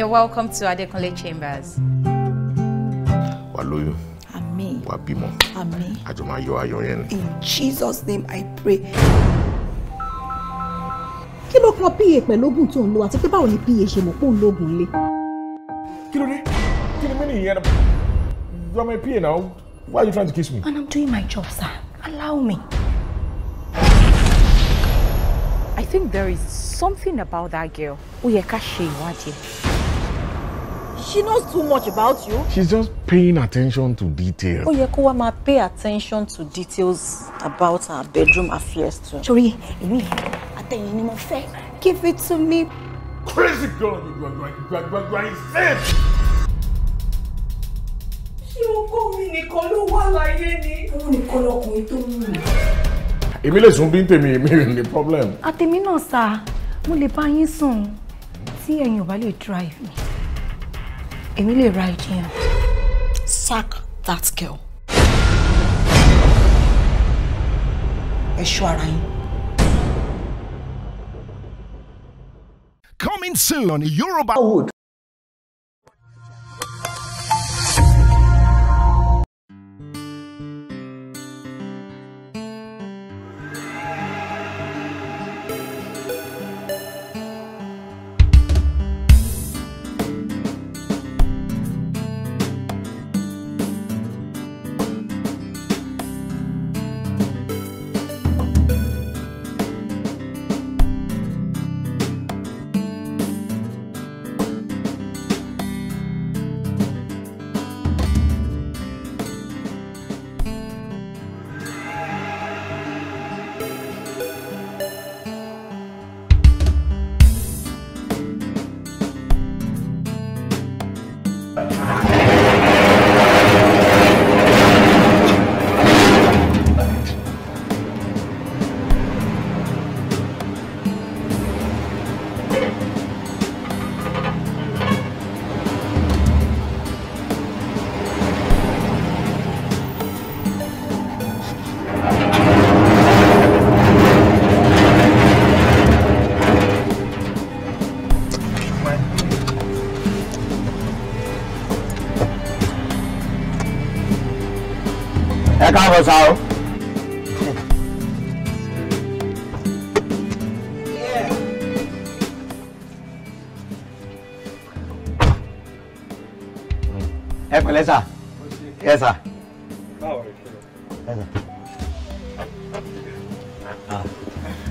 You're welcome to Adekunle Chambers. Wà Amen. Wabimo. Amen. Ajuma, Àmín. Àjọ máa yọ In Jesus name I pray. Kí ló kọ́ PA pẹ̀lú oògùn tó ń lo àti pé báwo ni PA ṣe mọ̀ pé òun lóògùn lé? Kí ló dé? Kí ni mímì yẹn? You are my PA now. Why are you trying to kiss me? And I'm doing my job, sir. Allow me. I think there is something about that girl. Ó yẹ ká ṣe ìwádìí. She knows too much about you. She's just paying attention to details. Oh, yẹ kó pay attention to details about her bedroom affairs too. Sorry, èmi àtẹ̀yìn ni mo fẹ́. Give it to me. Crazy girl, you are, you are, you are, you are, you are insane. Ṣé ọkọ mi nìkan ló wà láyé ni? Òun nìkan lọkùnrin tó mú mi. Èmi lè sùn bí tèmi, problem. Àtẹ̀mí náà sá, mo lè bá yín sùn tí ẹ̀yin ò bá lè drive mi èmi lè ra ìjìyàn. sack that girl. ẹ ṣọ́ ara yín. Coming soon on Yorubawood. kọ̀ sá o. ẹ pẹ̀lẹ́ sà ẹ sà.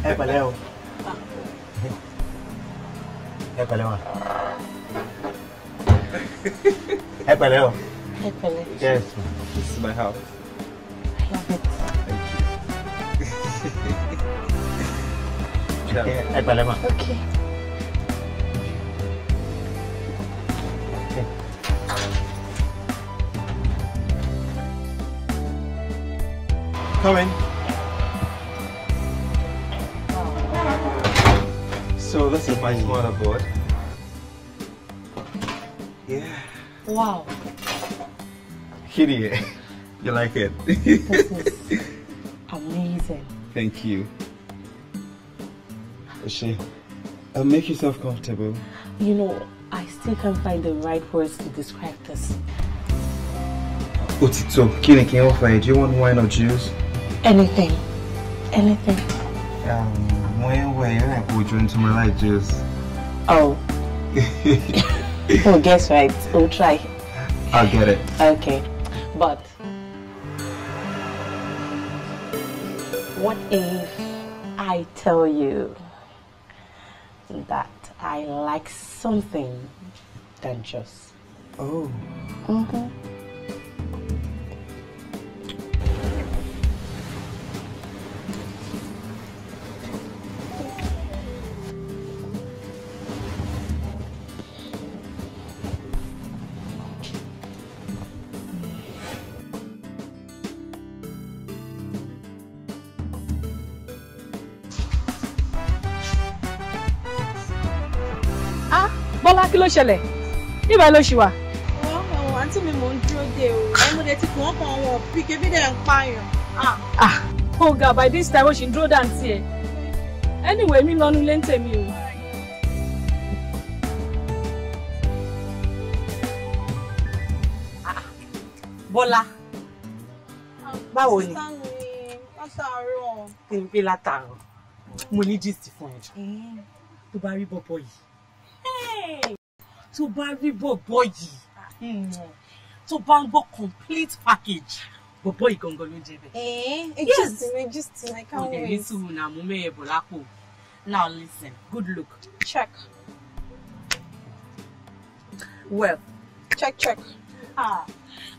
ẹ pẹ̀lẹ́ o ẹ pẹ̀lẹ́ wa ẹ pẹ̀lẹ́ o ẹ yes this is my house. Ay, palama. Okay. Okay. Come in. So this is my smaller board. Yeah. Wow. Kitty. You like it? this is amazing. Thank you. She, uh, make yourself comfortable. You know, I still can't find the right words to describe this. Otito, kini can offer you? Do you want wine or juice? Anything. Anything. Um, when were you like would drink my life, juice? Oh. oh, guess right. We'll try. I'll get it. Okay. But if I tell you that I like something than just. Oh. Mm-hmm. ń ṣẹlẹ̀ níbà ló ṣì wà. ọ̀hún àǹtí mi mò ń dúró de o ẹnu rẹ ti kù wọ́n kàn wọ́n bí kébí dẹ̀ ń pààyàn. Ah. Ah, by this time ó ṣì ń dúró anyway mi lọ́nu lé ń tèmi o. Ah, Bọ́lá báwo ni látàárọ̀ kí mo ní gist fún ẹ mm. tó bá rí bọ́bọ́ yìí tó bá rí bọ̀bọ̀ yìí ah, hmm. tó bá ń gbọ́ complete package bọ̀bọ̀ yìí gangan ló ń jẹ bẹ́ẹ̀. ẹ̀ẹ́n gist mi I can't wait. ọ̀dẹ̀ mi tún nà mú mẹ́yẹ̀ bọ̀ lápò now listen good look. check. well. check check. ah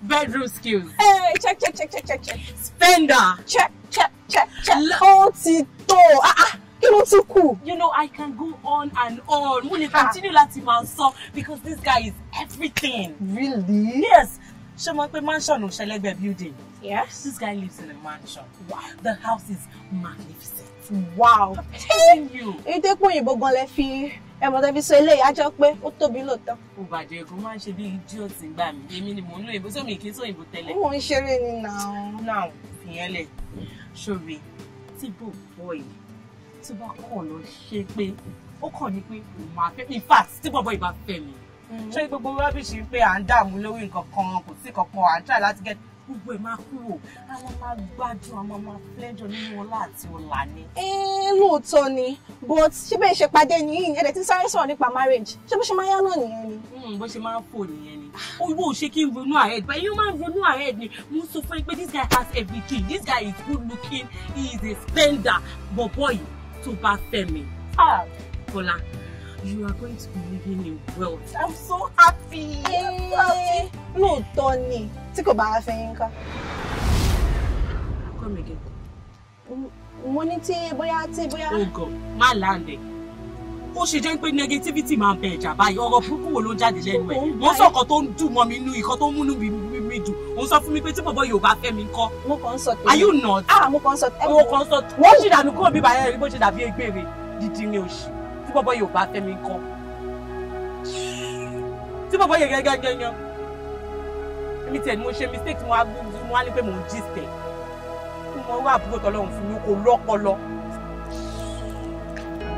bedroom skills. Hey, eh, check check check check check check. spender. check check check check. ó ti tó. ah ah kí ló tún kù. you know i can go on and on mo lè ah. continue láti máa sọ because this guy is everything. really. yes ṣé mo pe mansion òṣèlẹ́gbẹ̀ building. yes this guy lives in a mansion. wow the house is magnificent. wow èdè pòyìnbó gan lẹ fi ẹmọ tẹbi sọ eléyìí á jẹ́ pé ó tóbi lóòótọ́. ó bàjẹ́ kó máa ń ṣe bí idiot gbà mí èmi ni mò ń lo ìbò sómi kí n sọ ìbò tẹ́lẹ̀. ó ń ṣeré ni náà. náà fìyẹn lẹ̀ ṣòwe tí bò bọ̀ yìí tó bá kọ̀ lọ ṣe pé ó kọ̀ ní pé òun máa fẹ́ in fact tí bọ̀bọ̀ ìbá fẹ́ mi mm-hmm. ṣé gbogbo rubbish pé à ń dààmú lórí nǹkan kan kò sí kankan à ń try láti get gbogbo ẹ̀ máa kúrò a máa máa gbádùn máa flẹ́jọ nínú ọlá àti ọlà ni. ẹ lóòótọ́ ni but ṣé bẹ́ẹ̀ ṣe pàdé nìyí ẹ̀dẹ̀ tí sáré sọ̀rọ̀ nípa marriage ṣé bó ṣe máa yá lọ nìyẹn ni. Hmm, bó ṣe máa ń fò nìyẹn ni owó ṣe kí n ronú ahead but you man ń ronú ahead ni mo sọ fún yín pé this guy has everything this guy is good looking he is a spender bọ̀bọ̀ yìí To bá fẹ́ mi. Ah. Bọ́lá, you are going to be living in wealth. I'm so happy. Lóòótọ́ ni tí kò bá fẹ́ yín ká. Come again. Money, tea, tí tea, tí Oh Ogo, my landing ó ṣe jẹ́ pé negativity máa ń bẹ báyìí ọ̀rọ̀ burúkú ló ń jáde lẹ́nu ẹ̀ wọ́n sọ̀kan tó ń dùn mọ́ mi nú ikọ́ tó ń múnú mi dùn òun sọ fún mi pé tí bọ̀bọ̀ Yorùbá fẹ́ mi kọ́. are you not. ah mo kàn ń sọ tèmi. mo kàn ń sọ tèmi. wọ́n ṣì dànù kúrò bíbá ẹ̀ rí bó ṣe dàbí egbèrè dídí ni òṣì tí bọ̀bọ̀ Yorùbá fẹ́ mi kọ́. tí bọ̀bọ̀ yẹ gẹ́gẹ́ yan èmi tiẹ̀ ni mo ṣe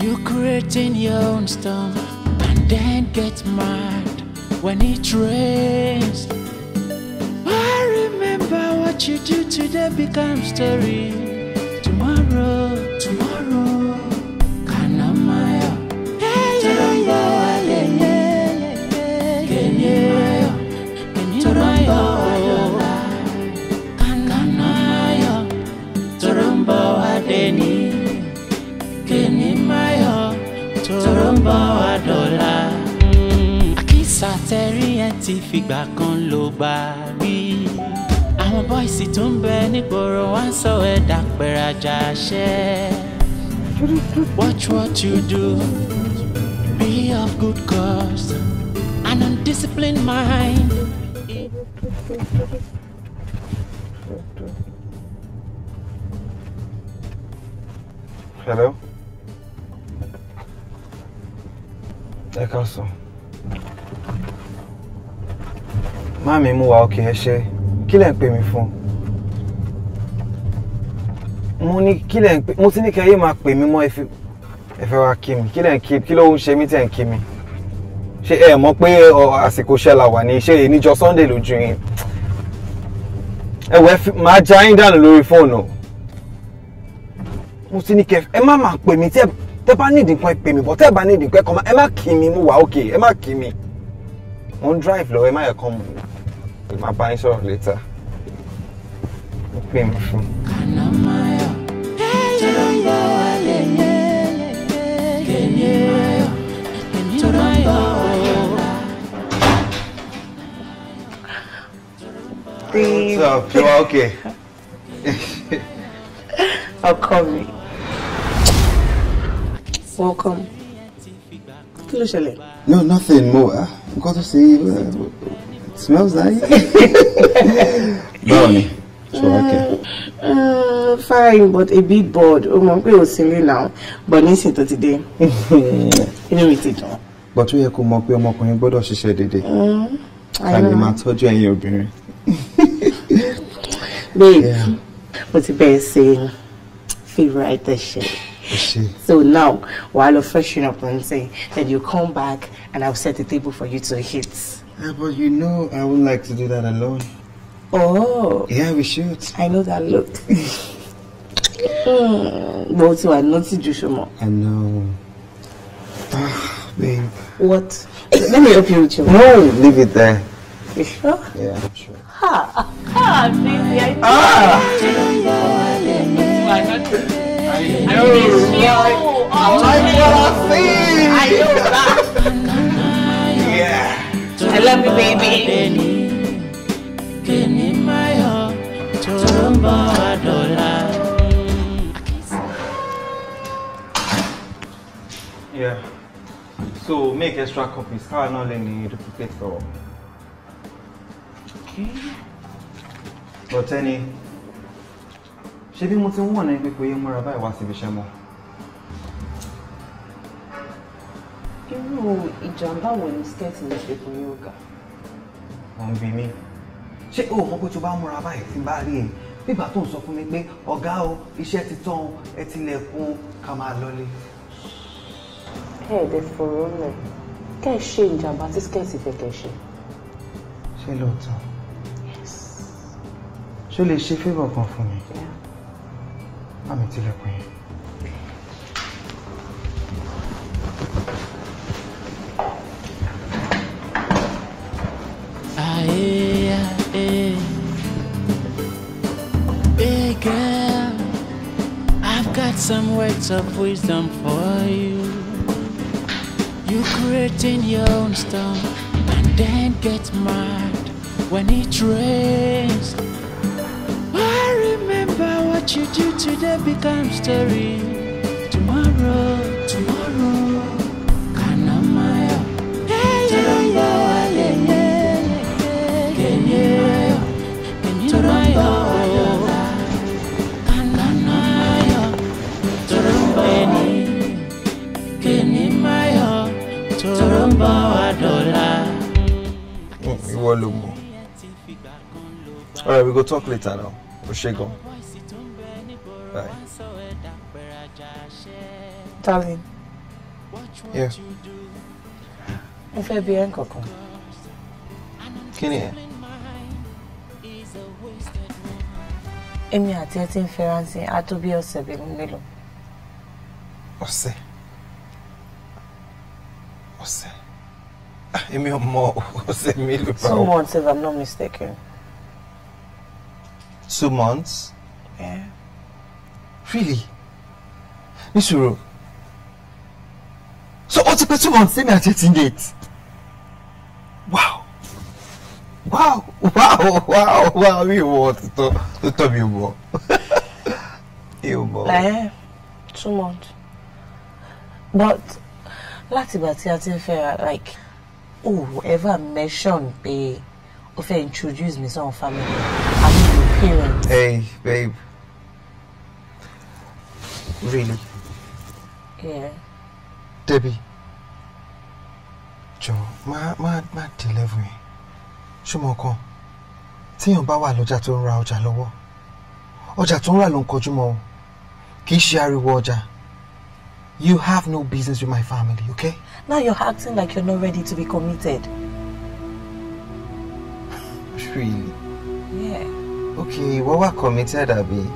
You create in your own storm and then get mad when it rains. I remember what you do today becomes stories. ti fìgbà kan ló bá rí àwọn bọ́ìsì tó ń bẹ nígboro wá ń sọ ẹ̀ dàpẹ̀rajà ṣẹ́. Watch what you do, be of good cause, an undisciplined mind. Hello? Ẹ káàsán. Mami mú wa òkè ẹṣẹ́, kí lẹ̀ ń pè mí fún? Mo ní kí lẹ̀ ń pè mo ti ní kí ayé máa pè mí mọ́ ẹ fẹ́ wá kí mi, kí lẹ̀ ń kí kí ló ń ṣe mí tẹ̀ ń kí mi? Ṣé ẹ mọ̀ pé àsìkò iṣẹ́ la wà ní ṣé ìníjọ Sunday lójú yín? Ẹ̀wẹ̀ máa já yín dànù lórí fóònù. Mo ti ní kí ẹ má máa pè mí tẹ́ tẹ́ bá nídìí kan ẹ pè mí bọ̀ tẹ́ bá nídìí kan ẹ kàn má ẹ má kí mi mú wa òkè ẹ má kí mi. Mo ń drive lọ ẹ má yẹ kán mú màá bá yín sọ̀rọ̀ létà mo What's up? You okay? I'll call me. Welcome. No, nothing more. Nǹkan tó ṣe é smells nice. báwo ni ṣọwọ́ kẹ. Uh, uh, fine but a bit bored Oh, mọ̀ pé silly now but nísìnyí tó today. You know mi it dùn. but we ó yẹ kó mọ̀ pé ọmọkùnrin gbọ́dọ̀ ṣiṣẹ́ déédéé ká lè you tọ́jú your obìnrin. babe mo the best sí favorite ẹ̀ṣẹ̀. So now, while you're freshening up and saying, then you come back and I'll set the table for you to hit. Yeah, but you know I wouldn't like to do that alone. Oh. Yeah, we should. I know that look. But I noticed you so much. I know. Ah, babe. What? Let me help you with your No, leave it there. You sure? Yeah, I'm sure. Ha! Ha! Baby, I ah! I know. I know. I know. I know. I know. I know. I know. I know. I know. I know. I love you, baby. Kini Yeah. So make extra copies. Ká náà lè ní duplicate Okay. But ẹni, ṣé bí mo ti ń wọ̀n ní pípé múra báyìí wá síbi iṣẹ́ mọ́? irú ìjàmbá wo ni skẹ́ẹ̀tì ń ṣe fún yóga. wọ́n bí mi ṣé o mọ̀ pé tó bá múra báyìí tí bá rí ẹ bíbá tó ń sọ fún mi pé ọ̀gá o iṣẹ́ ti tán ẹ tilẹ̀kùn ká máa lọlé. kẹ́ẹ̀dẹ̀ fọ̀rọ̀ lẹ̀ kẹ́ ẹ ṣe ìjàmbá tí skẹ́ẹ̀tì fẹ́ kẹ́ ṣe. ṣé lóòótọ́ ṣó lè ṣe fẹ́bọ̀ kan fún mi. bá mi tilẹ̀kùn yẹn. some words of wisdom for you. You creating your own storm and then get mad when it rains. I remember what you do today becomes story tomorrow. ìwọ alright we go talk later now o ṣe gan bye. darling. Yes. mo fẹ́ bi ẹ́ nǹkankan. kí ni ẹ. èmi àti ẹ ti ń fẹ́ rántí á tó bí ọ̀sẹ̀ bíi èmi ò mọ two months if i'm not mistaken. two months. Yeah. really níṣòro so ó ti two months sẹ́mi àti eighteen dates wow wow wow wow wow mi wọ tó to mi wọ mi More. Eh. two months but láti ìgbà tí a ti ń like oh ever mention pé o fẹ́ introduce me some family i'm your parent. hey babe really. Yeah. Debbie jọ ma, ma, má dé level yẹn ṣùgbọ́n kan tíyàn bá wà lọ́jà tó ń ra ọjà lọ́wọ́ ọjà tó ń rà ló ń kọjú mọ́ o kì í ṣe ariwo ọjà you have no business with my family okay. Now you're acting like you're not ready to be committed. Really? Yeah. Okay, well, we're committed, Abby.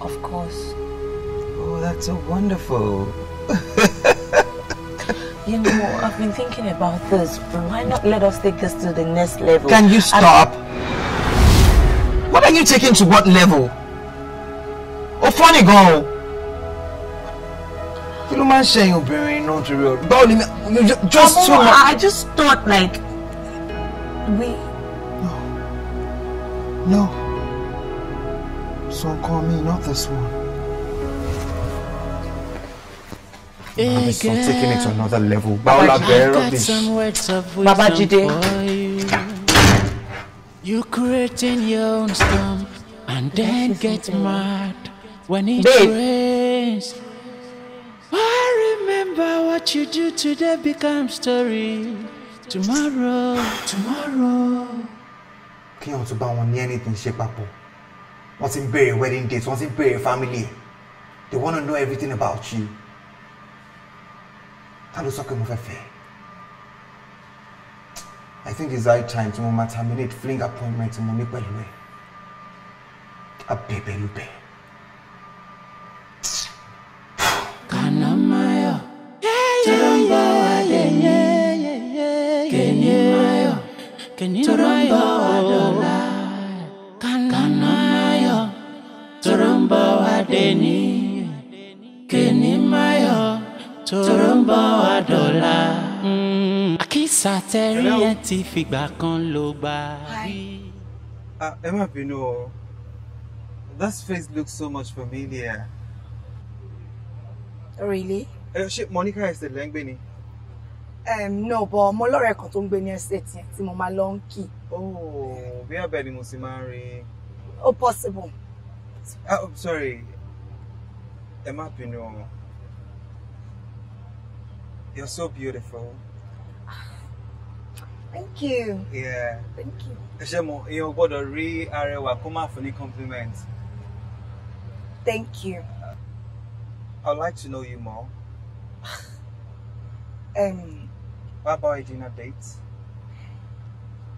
Of course. Oh, that's so wonderful. you know, I've been thinking about this. Why not let us take this to the next level? Can you stop? What are you taking to what level? Oh, funny girl. kí ló máa ń ṣe ẹ̀yin obìnrin náà torí ọdún báwo ni mi much. I just thought like we. no no so call me not this one. I'm taking it to another level. Báwo la bẹ̀rẹ̀ rubbish. Babajide. You creating your own storm and then get mad when it rains. Remember what you do today becomes story tomorrow. Tomorrow. Kí wọ́n tún bá wọn ní anything ṣe papọ̀. Wọ́n ti ń béèrè wedding date, wọ́n ti ń béèrè family. They wanna know everything about you. Ta ló sọ pé mo fẹ́ fẹ́? I think it's high time to mo máa terminate fling appointment mo ní pẹ̀lú ẹ̀. Abẹ́bẹ̀ ló bẹ̀ẹ́. tóró ń bọ̀ wá dọ̀la mm. àkísà tẹ́rí ẹ̀ ti fìgbà kan ló gbà rí. Ah, ẹ má bínú o this face looks so much familiar. really. ẹ ṣe Monica ẹsẹ̀ lẹ́ ń gbé ni. no but mo lọ́rẹ̀ẹ́ kan tó ń gbé ní ẹsẹ̀ tiẹ̀ tí mo máa lọ ń kì. oh bí abẹ ni mo sì máa ń rí. oh possible. Uh, oh, sorry ẹ má bínú o. You're so beautiful. Thank you. Yeah. Thank you. you mo èèyàn A rí welcome for má fún compliment? Thank you. Uh, I'd like to know you more. um, What about a dinner date?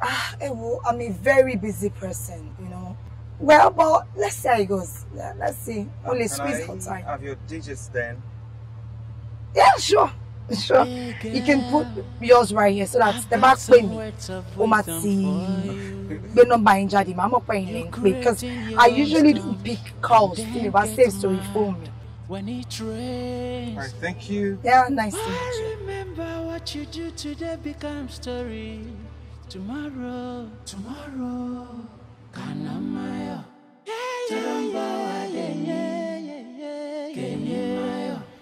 Ah, uh, I'm a very busy person, you know. Well, but let's see how it goes. Let's see. Only ah, squeeze for time. Have your digits then? Yeah, sure. sure you can put yours right here so that the bá pè me. ó máa ti gbé nọ́mbà yín jáde màá mọ̀ pé yín lè pè because i usually don't pick calls tí mi bá save sórí fóònù mi. When he trains. All right, thank you. Yeah, nice to meet you. I remember what you do today becomes story. Tomorrow, tomorrow, Kanamaya.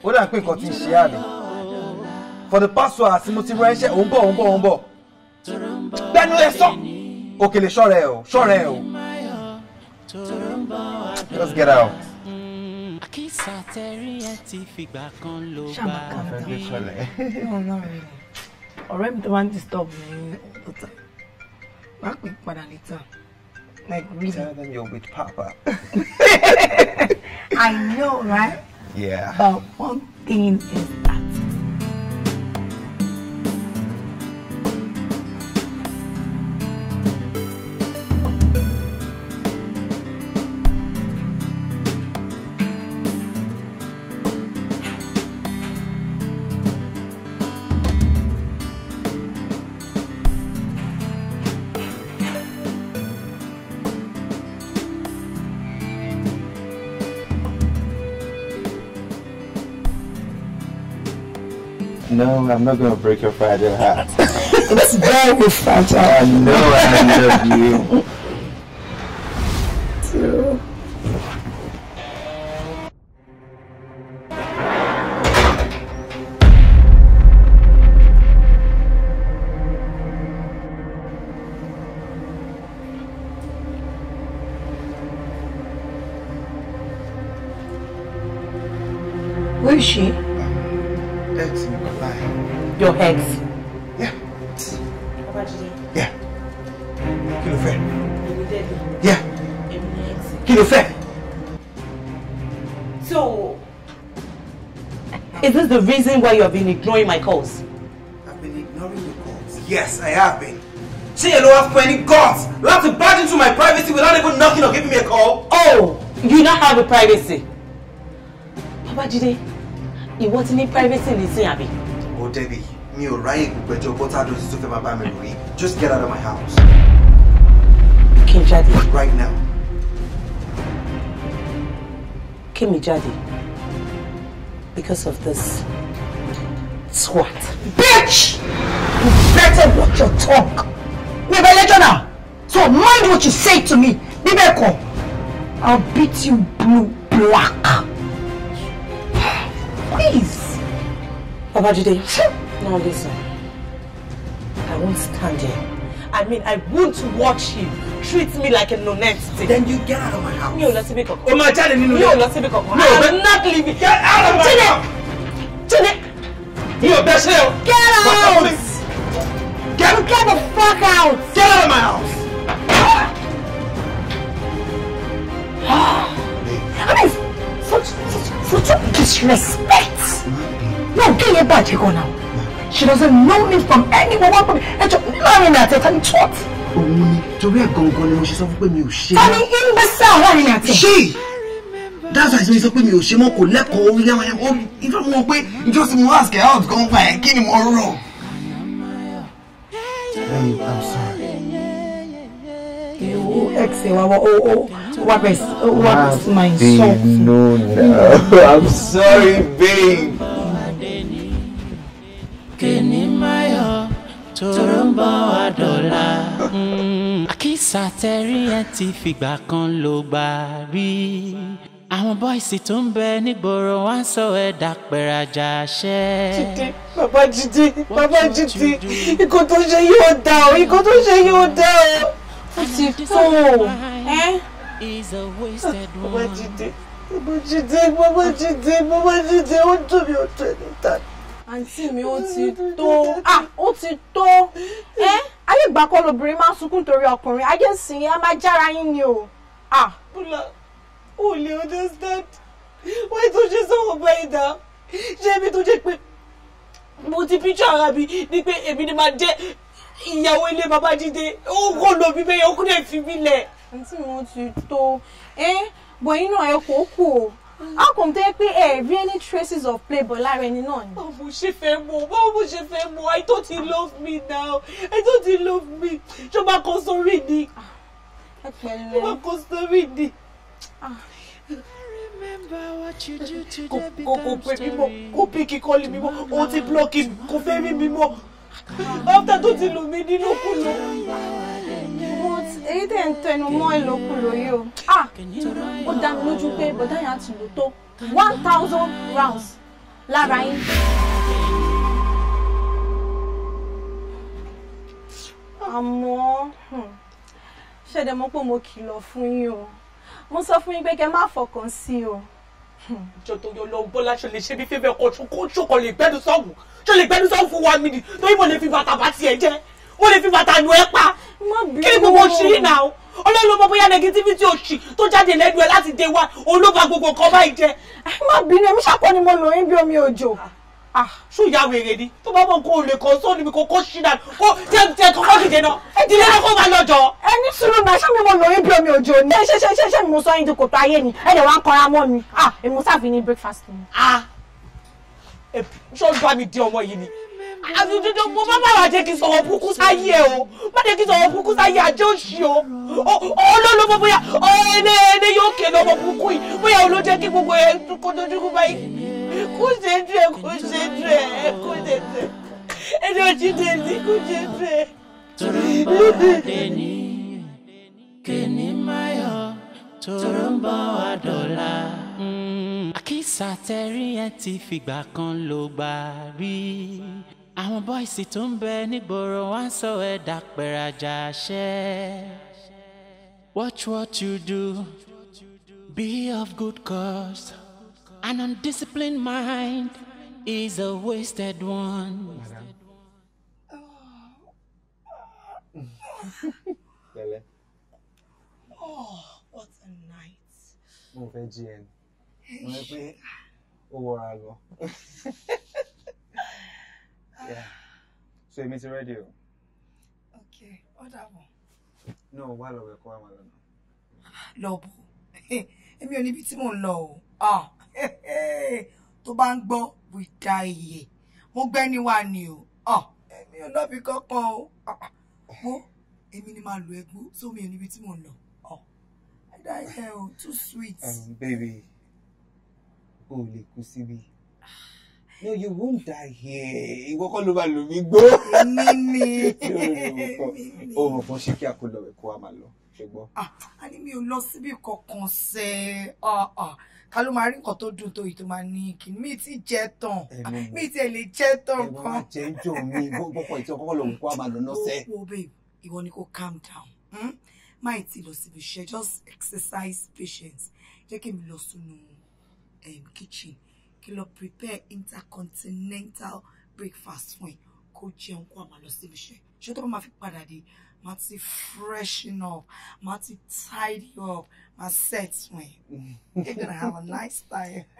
Ó dà pé nǹkan ti ṣe àná for the past two hours mo ti ránṣẹ́ òun bọ̀ òun bọ̀ òun bọ̀ bẹ́ẹ̀ni ẹ sọ òkèlè ṣọ́ra o ṣọ́ra o just get out. àkísà tẹ̀rí ẹ ti fìgbà kan ló bá rí ọ̀rẹ́ mi tó máa ń disturb mi ọ̀tá wàá pè padà later. Like really? Tell them you're with Papa. I know, right? Yeah. But one thing is that No, I'm not gonna break your fragile heart. it's very fragile. I know I love you. Too. Where is she? why you have been ignoring my calls. I've been ignoring your calls? Yes, I have been. Chinyere ló wá fún ẹ You have to barge into my privacy without even knocking or giving me a call. Oh, you now have a privacy. Papa Babajide, you want any privacy nísìnyí Abby. Oh, Debbie, me or ráyè gbẹjọ bọ́tà dọ́sí tó fẹ́ máa bá mi Just get out of my house. Kim Jadi, Right now. Kí Jadi, because of this. What, Bitch! You better watch your talk. You're a So mind what you say to me. Bibeko, I'll beat you blue black. Please. Babajide, now listen. I won't stand here. I mean, I won't watch him treat me like a nonentity. Then you get out of my house. No, not us be cock. Oh, my darling, no. No, not us be cock. No, I'm not leaving. Get out of my house. Chine, yeah, best him. Get out! Get, out! Get the fuck out! Get out of my house! Ah! I mean, such, such, such disrespect! No, get your back, you go now. She doesn't know me from anyone. woman from and to marry me at a time short. Òun ni torí ẹ̀ gangan ni mo ṣe sọ fún pé mi ò ṣe. Tani imbecile láàrin àti. Ṣé. that's why mi sọ pé mi ò ṣe mọ́ kò lẹ́kọ̀ọ́ orí yàwọn yàwọn ìfẹ́ mu wọn pé ìjọ sí mo ask help kan fà ẹ́ kí ni mo rọ. Ewu ẹ̀sẹ̀ wa wa o o wa bẹ̀ wa my soul. No I'm sorry babe. Kìnìmáyọ̀ tóró ń bọ̀ wá dọ̀la. Àkísà hmm, tẹ́rí ẹ ti fìgbà kan ló gbà rí àwọn bọ́ìsì tó ń bẹ nígboro wá ń sọ ẹ dàpẹ̀rẹ̀ àjà ṣẹ́. jíde bàbá jíde bàbá jíde ikọ̀ tó ṣe yóò dá o ikọ̀ tó ṣe yóò dá o ó ti tó o ẹ́. bàbá jíde bàbá jíde bàbá jíde bàbá jíde ó dùn mí ó dùn mí tán. àǹtí mi ó ti tó ah ó ti tó ẹ ayé ìgbà kan lobìnrin máa ń sunkún torí ọkùnrin ayé ìsìn yẹn á máa jára yín ni o ah. Only understand why tó ṣe so gbẹ́ ìdá ṣé èmi tó jẹ́ pé mo ti píṣọ ara mi ni pé èmi ni máa jẹ́ ìyàwó ilé bàbá jíde ó kò lò mí bẹ́ẹ̀ ọkùnrin fi mí lẹ̀. àǹtí wọn ti tó ẹ bọ̀yìn náà ẹ kò kù o a kò tẹ́ pé ẹ rí any traces of playboy lára ẹni náà ni. báwo mo ṣe fẹ́ mọ̀ báwo mo ṣe fẹ́ mọ̀ i don't he love me now i don't he love me ṣọba kan sórí ni ṣọba kan sórí ni kò kò pé mi mọ́ kò bí kíkọ́ lé mi mọ́ o ti blọ́ọ̀kì kò fẹ́ rí mi mọ́ after tó ti lù mí nílòkulò èyí tẹ̀ ń tẹnu mọ́ ìlòkulò yìí o ah ó dá mi lójú pé bọ̀dá yẹn á ti lò tó one thousand rounds lára yín. àmọ́ hmm, ṣẹ̀dẹ̀ mọ́ pé mo kìlọ̀ fún yín o mo sọ fún yín pé kẹ́ má fọkàn sí o. jọ̀tọ̀ yọ lọ bọ́lá ṣe lè ṣe bí fífẹ́ kọ́ṣọ́ kọ́ lè gbẹ́nu sọ́ọ̀bù ṣe lè gbẹ́nu sọ́ọ̀bù fún wa mídìí torí mo lè fi bàtà bá tiẹ̀ jẹ́ mo lè fi bàtà nu ẹ pa kí ni gbogbo ṣì ń nà ó olólùmọ bóyá negativity òṣì tó jáde lẹ́nu ẹ láti dé wá olóba gbogbo kan báyìí jẹ. má bínú ẹ̀mí ṣàpọ̀ ni mo lò yín bí omi òjò. Ah, ṣó ìyá wèrè ni tó bá mọ̀ kó o lè kọ́ sóòlù mi kó kó ṣí dànù kó tẹ tẹ kọ́kọ́ dìde náà ẹ dìde náà kó máa lọ jọ. ẹ ní sùúrù náà ṣé mi mo lóyún bí omi òjò ni. ṣé ṣé ṣé ṣé mo sọ yín di kòtò ayé ni ẹ lè wá ń kọra mọ́ mi ah èmi sáfì ní breakfast mi. ah ṣó bá mi di ọmọ yìí ni àtúntò ah, mo bá bá wà jẹ́ kí n sọ̀rọ̀ burúkú sáyé o má jẹ́ kí n sọ̀rọ̀ burúkú sáyé àjẹ́ òṣì o olólùfọ́ bóyá ẹ̀ ẹ̀ ẹ̀ yóò kéde ọmọ burúkú yìí bóyá olójẹ́ kí gbogbo ẹ̀ kó dojú kú báyìí kò ṣe dúrẹ kò ṣe dúrẹ kò ṣe dúrẹ ẹni ọtí dé ní kò ṣe dúrẹ. torombo adeni keni mayo torombo adola àkísà tẹrí ẹ ti fìgbà kan ló gbà rí àwọn bọ́ìsì tó ń bẹ nígboro wá ń sọ ẹ̀ dàpẹ̀rajà ṣẹ́. Watch what you do. Be of good cause. An undisciplined mind is a wasted one. oh, what a night. Mo fẹ́ jí ẹni. Mo rẹ pé So you ti the radio? Okay, what bọ̀. No, while we're ẹ̀kọ́ àmàlà náà. Lọ bò. Èmi ò níbi tí mò ń lọ o. Ah tó bá ń gbọ́ wìdá iye mo gbẹ́ni wà ní o ah, èmi ò lọ́bi kankan o mo ah, ah, èmi ni máa lo ẹgbó sómi ò níbi tí mò ń lọ ẹ̀dá ẹ̀ o too sweet. Um, baby o lè kú síbi. No, you won't die here. Ìwọ kọ́ ló máa lò mí gbó. Mímí. O mọ̀ fún ṣé kí a kó lọ rẹ̀ kó a máa lọ. Ṣùgbọ́n. A ní mi ò lọ síbi kankan sẹ́ ká ló máa rí nǹkan tó dùn tó yìí tó máa ní kí mi ti jẹ tán mi ti ẹ lè jẹ tán kan. ẹ̀wọ̀n àjẹ́ ń jò mí gbogbo ìtí ọkọ̀ lòun kó àmà lọ lọ́sẹ̀. wo babe ìwọ ni kò calm down hmm? máì tí lọ síbi iṣẹ́ just exercise patience jẹ́ kí mi lọ sínú kitchen kí lọ prepare intercontinental breakfast fún ẹ kó jẹun kó àmà lọ síbi iṣẹ́ ṣé tó bá máa fi padà dé màá ti freshen up màá ti tidy up màá set wẹ̀ you're gonna have a nice time.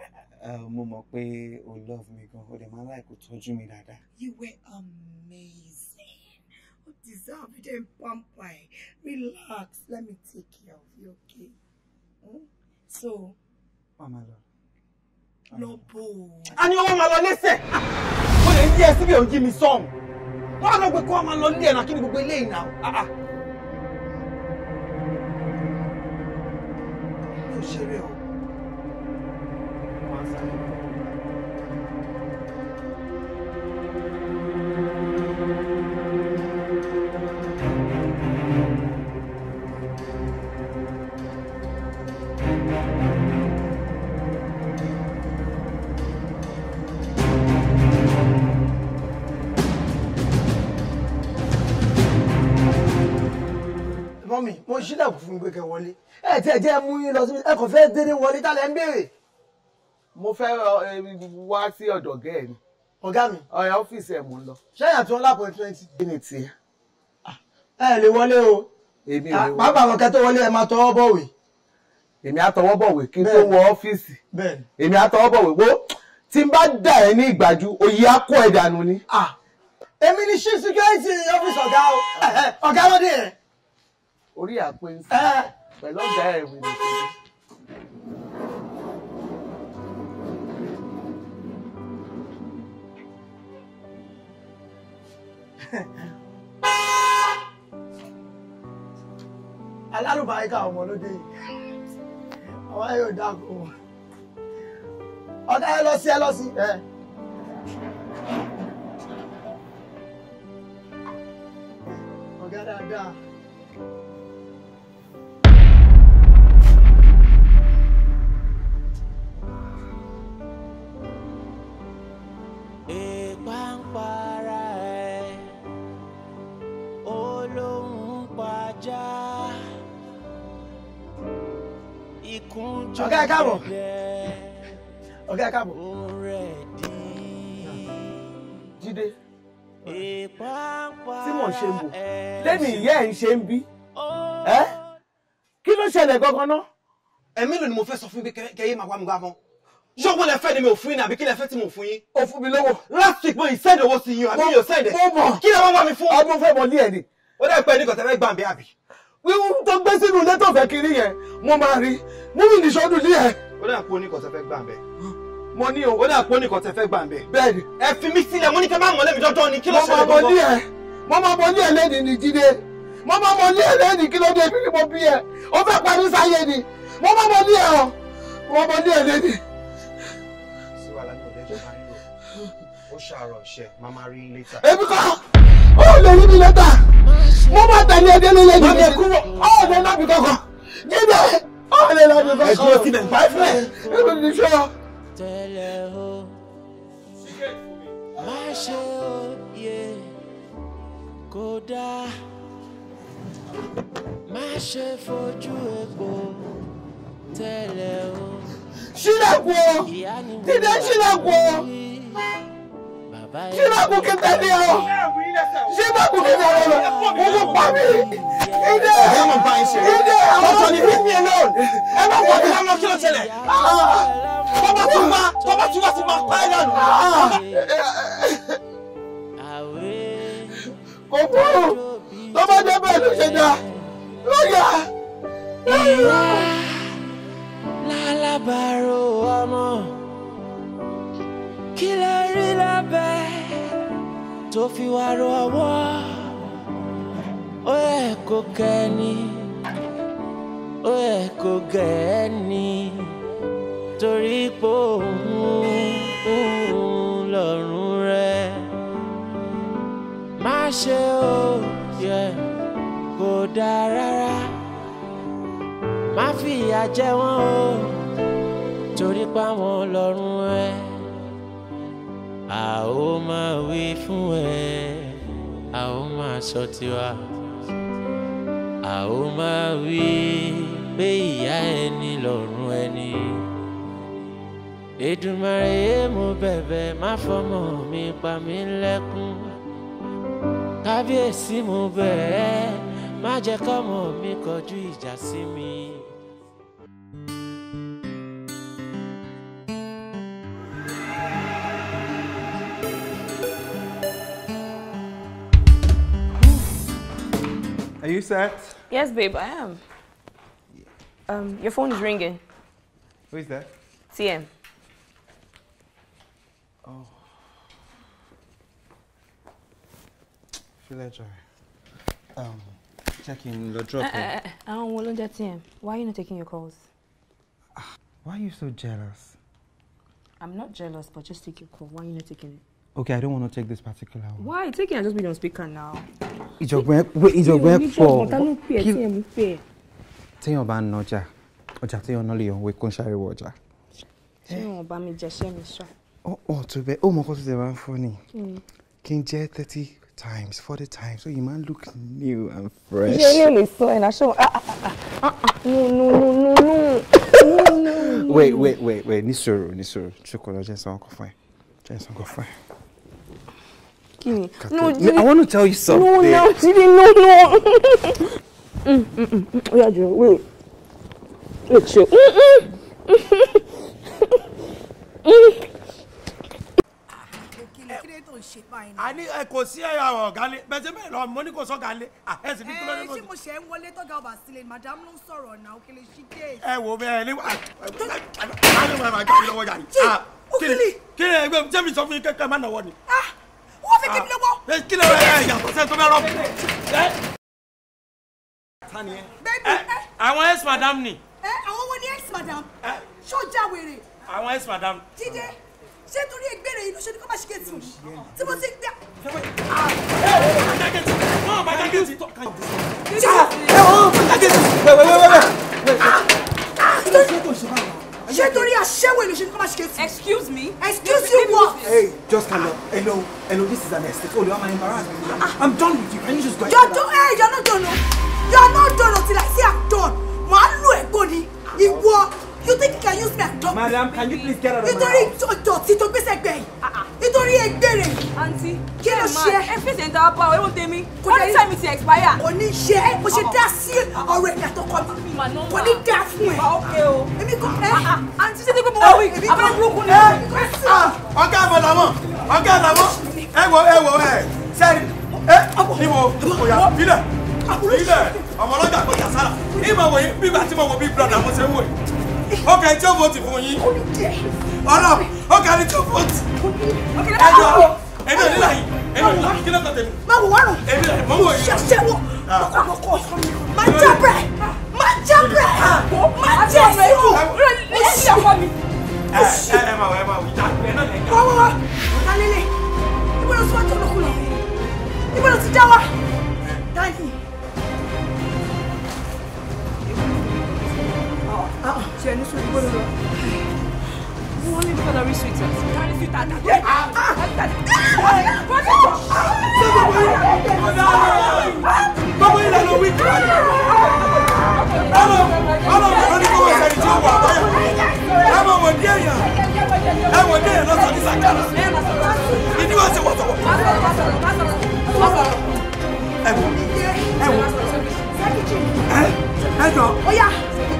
Uh, mo mọ̀ pé o love me gan o dẹ̀ máa láì kó tọ́jú mi dáadáa. you were amazing o deserve it and pamper relax let me take care of you okay. Hmm? so. mama lọ. lọ bò ó. a ní owó máa lọ lẹ́sẹ̀. Ah! mo lè ń yí ẹ síbi òun jí mi sọ́ọ̀mù wọ́n á lọ pé kó wọ́n máa lọ nílé ẹ̀nà kí gbogbo eléyìí náà. Ah, ah. mi ò ṣeré o. wọ́n á sáré. mọ́mì wọ́n ṣílẹ̀kùn fún mi pé kẹ́ wọlé ẹ tí ẹ jẹ́ mú yín lọ síbi ẹ kò fẹ́ dédé wọlé tálẹ̀ ń béèrè. mo fẹ́ wá sí ọ̀dọ̀ ọ̀gá ẹ̀ ni. ọ̀gá mi. ọ̀yà ọ́fíìsì ẹ̀ mò ń lọ. ṣẹ́yà tí wọ́n lápò twenty. kí ni tiẹ̀. Ah, ẹ lè wọlé o. èmi ò ah, lè wọlé. pàápàá àwọn kẹtọ wọlé ẹ máa tọwọ́ bọ̀wé. èmi á tọwọ́ bọ̀wé kí n tó wọ ọ́fíìsì. bẹ́ẹ̀ni. èmi á tọwọ́ bọ̀wé wo tí n bá dà ẹ ní ìgbàjú òye á kó ẹ dànù ni. ah èmi ni chief security office ọ̀gá o ah. ọ̀gá lọ́dẹ̀ orí àpò ìsìn ah! pẹ̀lú ọ̀gá ẹ̀rìn nìkan. alárùbáríkà ọmọ lóde yìí ọmọ yóò dáko ọ̀gá ẹ lọ sí ẹ lọ sí ẹ. ọ̀gá ọ̀gá ẹ káàbọ̀ ọ̀gá ẹ káàbọ̀. jíde tí mò ń ṣe ń bò lẹ́nu ìyá ẹ̀ ń ṣe ń bí ẹ́ kí ló ṣẹlẹ̀ gangan náà. ẹ̀mí ló ni mo fẹ́ sọ fún mi kẹ́yẹ́ máa wá mi wá mọ́ ṣé owó lẹ fẹ́ ni mi ò fún yín àbí kí lẹ fẹ́ tí mo fún yín. o fún mi lówó. last week mo ì sẹ́ẹ̀dì owó sí yín àbí mi ò sẹ́ẹ̀dì. mo mọ̀ kí lẹ wá wá mi fún. ọmọ fẹ́ mọ ní ẹ̀ ni. ó dẹ́ pẹ́ ní kọ̀tẹ́fẹ́ gbàǹbẹ́ àbí wíwú tó gbé sínú ilé tó fẹ́ kiri yẹn mo máa rí múmi nìṣọ́dún ní ẹ̀. ó dà pé oníkan tẹ fẹ́ gbà bẹ́ẹ̀. mo ní o. ó dà pé oníkan tẹ fẹ́ gbà bẹ́ẹ̀. bẹ́ẹ̀ni. ẹ fi mí sílẹ̀ mo ní kẹ́ máa mọ̀ lẹ́mi dandan ni kí ló ṣẹlẹ̀ gbọ́dọ̀. mo máa mọ ní ẹ mo máa mọ ní ẹ lẹ́ni ní jíde mo máa mọ ní ẹ lẹ́ni kí ló dé ibi ni mo bí ẹ o fẹ́ parí sáyé ni mo máa mọ ní ẹ o mo máa mọ ní ẹ lẹ́ni. ó ṣàrọ̀ ṣẹ máa máa rí lẹ́tà. èmi kọ́ ó lè rí mi lẹ́tà mo máa tẹ̀lé ẹdẹ ló lẹ́yìn mi ọ̀ọ́dẹ náà bí kọ́kọ́ jíjẹ ọ̀ọ́dẹ náà bí kọ́kọ́ ẹ̀sùn ti bẹ̀ bá fẹ́ ẹ̀rọ ti ṣọ́ ọ. kódà má ṣe fojú epo tẹ́lẹ̀ o. ṣílẹ̀kùn o dídé ṣílẹ̀kùn o ṣé báàgùn kẹta ni ọ ṣé báàgùn kẹta ni ọ wọn kò pa mí ìdè ìdè àwọn ọmọ mi mi alone ẹ bá wọ kí lọ́nà kí ló ṣẹlẹ̀ tọ́ba tún bá tọ́ba tún bá ti máa pa ẹ̀ lọ́nà. kò kúrò tọ́ba jẹ́ bẹ́ẹ̀ ló ṣe dá lọ́yà lọ́yà. lálábàárò ọmọ kí lè rí lábẹ́ tó fi wá ro ọwọ́ ó yẹ kó kẹ́ni ó yẹ kó gẹ̀ẹ́ni torí pò ń lọ́rùn rẹ̀ má ṣe ó yẹ kó dáa rárá má fìyà jẹ wọ́n o torí pa wọ́n lọ́rùn ẹ̀ a ó máa wí fún ẹ a ó máa sọ tiwa a ó máa wí pé ìyá ẹni lọ́rùn ẹni. Èdùmàrè mo bẹ̀bẹ̀ má fọmọ mi pa mí lẹ́kún. Kábíyèsí mo bẹ̀ ẹ́ má jẹ́ kọ́mọ mi kọjú ìjà sí mi. Are you set? Yes, babe, I am. Um, your phone is ringing. Who is that? TM. Oh. Feel Um, checking the drop. Uh, uh, I don't want to TM. Why are you not taking your calls? Ah, why are you so jealous? I'm not jealous, but just take your call. Why are you not taking it? Okay, I don't want to take this particular one. Why? Take it and just be on speaker now. Ìjọ̀gbọ́n wait ìjọ̀gbọ́n pọ̀. Téèyàn bá ń nọjà, ọjà téèyàn náà lè yàn wé kó ń ṣàríwọ̀ ọjà. Téèyàn eh. bá mi jẹ ṣẹ́ mi ṣá. Ọ̀ tó bẹ́ẹ̀ ó mọ kó tó tẹ̀ máa ń fọ́ ni. Kí n jẹ́ thirty times, forty times, so you man look new and fresh. Ṣé yóò lè sọ ẹ̀ náà ṣé wọ́n ah, ah, ah, no no no no no no no. Wait wait wait wait ní sòrò ní sòrò ṣùkọ́ lọ jẹ́ sọ́kọ̀ fún ẹ jẹ́ sọ́kọ̀ fún ẹ. Kini. No, Jimmy. I want to tell you something. No, no, Jimmy, no, no. mm, mm, mm. Yeah, wait. Wait, chill. Mm, mm. mm. a ní ẹ kò sí ẹ ọ̀gá lé bẹ́sẹ̀ bẹ́ẹ̀ lọ mo ní kò sọ́gà lé ẹ sì ní kí ló dé kò sí. ṣé mo ṣe ń wọlé tọ́gà ọba sílẹ̀ madam ló ń sọ̀rọ̀ ọ̀nà òkèlè ṣídé. ẹ wo bẹ́ẹ̀ ní wàá ní wàá máa gbé lọ́wọ́ yàrá. kí ni kí ni ẹgbẹ́ jẹ́mi sọ fún yín kẹ́kẹ́ má nà wọ́ ni wọ́n fi kí mi lọ́wọ́. kí ló rẹ ẹ yàtọ̀ sẹ́ni tó bẹ rọ. àwọn ex madam ni. àwọn wo ni ex madam. sójà wèrè. àwọn ex madam. jíde ṣé torí ẹgbẹ́rẹ́ inú ṣe ni kó má ṣe kẹ́tù tí mo ti gbà. ẹ ọ̀ bàtà kẹ́tù. wẹ́wẹ́wẹ́wẹ́. kí ló ṣe tó ṣe báyìí ṣé torí aṣẹ́wó ìlú ṣe ní kọ́ máa ṣe excuse me. excuse you what. hey just calm down hello hello this is an estate you are my me i'm done with you can you just go. jọ tó ẹ yọ náà dọ̀nà You're not done until i say I'm done màá lù ẹ̀gbọ́n ni ìwọ. You think you can use me as dog? Madam, can you please get out of my house? Ah, ah. Nítorí dọ̀tí tó gbèsè gbẹ̀ yìí. Nítorí egbèrè. Àǹtí, kí ló ṣe? Ẹ fèsì ẹ̀dá apá ọ̀rẹ́ wọn tèmi. Kò ní sẹ́mi ti expire. Kò ní ṣe é, mo ṣe ah, dá sí ọ̀rọ̀ ẹ̀dá tó kọ́ mi. Kò ní dá fún ẹ. Oh. Èmi kò ẹ́. Àǹtí ṣe ti pé mo wà wíìk. Àbúrò burúkú ni. Eh? Eh, ọ̀gá àbọ̀ làwọn, ọ̀gá làwọn, ẹ wo ẹ wo ẹ, sẹ́ni, ẹ níbo, òyà, bílẹ̀, bílẹ̀, ọmọ ọlọ́jà kò yà sára. Ìmọ̀ wòye bíbá tí mo wò bí brọ̀dà mo ṣe ń wòye you you Okay, go. ọkà tí ó vóòtì fún yín ọlọ ọkà tí ó vóòtì ẹjọ ẹni ò nílà yìí ẹni ò nílà kí ló kàn tẹ̀lé. má wò wá rò èmi rẹ mọ wò yìí. ṣẹṣẹ wo lọkọlọkọ má já brẹ má já brẹ má já síkù ní ẹsẹ ọkọ mi. ẹ ẹ ẹ máa wọ ẹ máa wọ ìjà ẹ náà lẹ́yìn. wọ́n wọ́n ọ̀tá lélẹ̀ ìbọn lọ sí wájú olókùn lọ ìbọn lọ sí já wa. dáàyè Ah, ṣe ẹni sùn gbọ́dọ̀ lọ. Wọ́n ní bọ́dọ̀ rí sweet as. Kárí sweet as. Bọ́dọ̀ ìlànà wíìkì wà ní. Ọlọ́ ọlọ́ ọ̀rọ̀ ní kọ́wọ́ ìsẹ̀rí tí ó wà báyà. Ẹ mọ̀ mọ̀ díẹ̀ yàn. Ẹ mọ̀ díẹ̀ yàn lọ́sàn ní sàkárà. Ìdí wọ́n ṣe wọ̀sọ̀wọ̀. Ẹ wọ̀ ẹ wọ̀ ẹ jọ.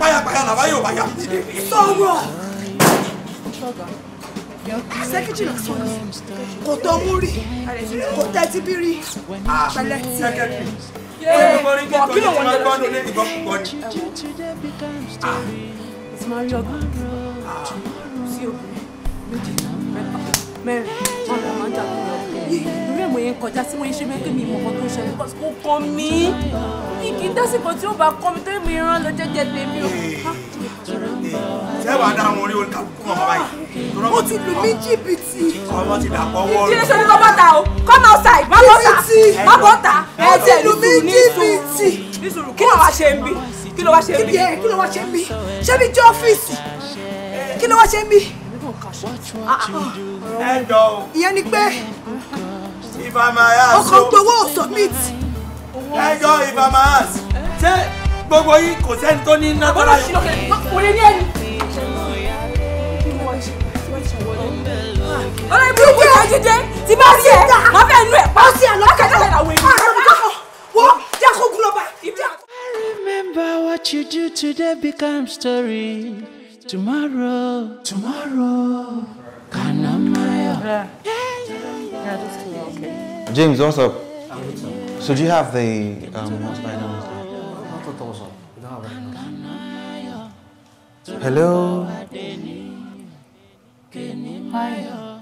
páyàpáyà làbá yóò bá yà. sọ̀rọ̀ sẹ́kìtì náà sọ̀rọ̀ kò tó mú rí kò tẹ́tí bí rí pẹ̀lẹ́ tí. kí ló wọ́n yẹn lọ́sọ̀rọ̀ yìí. sí òkú méjì mẹ́ta mẹ́rin wọn làwọn máa ń jà lórí táìmù yẹn kọjá sí wọ́n ṣe fẹ́ kí mi mọ̀ kan tó ń ṣẹlẹ̀ kọ́ kọ́ mi mi kì í dásìkò tí ó bá kọ́ mi tó mi rán lọ jẹ́jẹ́ tèmi o. sẹ́wàá dáhùn orí oníkàkùkù mọ̀ bàbá yìí. mo ti lù mí jìbìtì. ọmọ ti dà pọ̀ wọ́ọ̀rù. ìdílé sọ́ni kọ́ bọ́ta o come outside má bọ́ta má bọ́ta ẹ̀jẹ̀ lù mí jìbìtì. nísòrò kí ló wá ṣe ń bí kí ló wá ṣe ń bí. kí ló wá ṣe ń bí ṣé bí jẹ́ ọ́fíìsì kí ló wá ṣe ń bí. ẹ jọ o. ìyẹn ni pé if I may ask. ọkọ oh. gbowó submit. ẹjọ́ if I may ask. ṣé gbogbo yìí kò sẹ́ni tó ní iná tó láyé. ọlọ́sìn lọ́kẹ́ ní ẹni. ọlọ́yin burúkú yóò jíjẹ tí bá rí ẹ má fẹ́ nu ẹ̀ pa ọ́ sí ẹ̀ lọ́kẹ́ tó lẹ́nu àwọn èèyàn. Remember what you do today becomes story. Tomorrow, tomorrow, Kanamaya. Yeah. Yeah, yeah, yeah. James, what's up? So do you have the um, what's my name? Hello. Hi.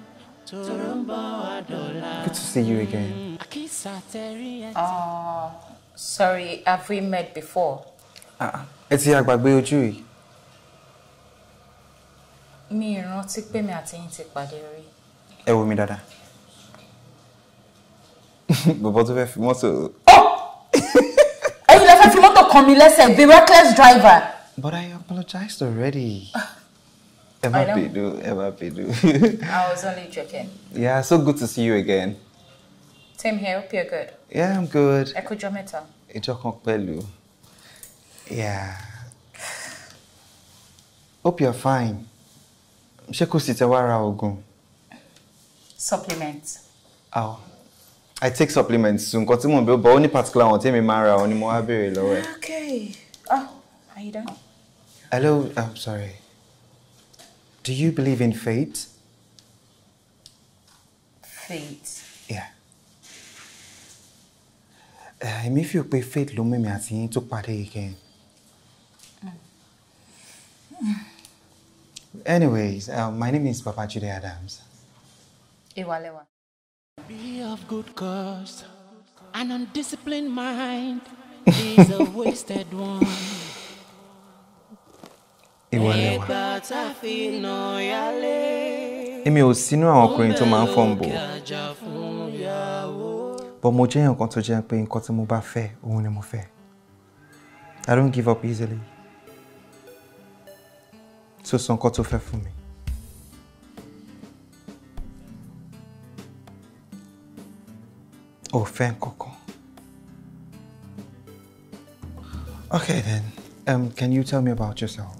Good to see you again. Uh, sorry, have we met before? Ah, uh-uh. here by àgbàgbé ojú yìí. Mi ìrántí pé mi àti yín ti pàdé rí. Ẹ wo mi dáadáa. bàbá tó fẹ́ fi mọ́tò. Oh! ẹ̀yin lè fẹ́ fi mọ́tò kan mi lẹ́sẹ̀ be reckless driver. But I apologized already. Emma Pedu, Emma Pedu. I was only joking. Yeah, so good to see you again. Same here, hope you're good. Yeah, I'm good. Ẹ kú ọjọ́ mẹ́ta. Ìjọ kan pẹ̀lú. Yeah. Hope you're fine. Ṣé kò sì tẹ Supplement. Oh. I take supplements so nǹkan tí mo ń bẹ but ó ní particular one tèmi máa ra òun ni mo wá béèrè lọ́wọ́ ẹ̀. Okay. Oh, are you done? Hello, I'm sorry. Do you believe in fate? Fate? Yeah. Eh, èmi fi pé fate ló mímí àti yín tó pàdé again. Mm. Anyways, uh, my name is Papa Babajide Adams. Ìwàlẹ́wà. Be of good cause. An undisciplined mind is a wasted one. Ìwọ lẹwà. Èmi ò sínú àwọn ọkùnrin tó máa ń fọ́n bò. But mo jẹ́ nǹkan tó jẹ́ pé nǹkan tí mo bá fẹ́ òun ni mo fẹ́. I don't give up easily. So sọ nǹkan tó fẹ́ fún mi. ò fẹ́ Okay then, um, can you tell me about yourself?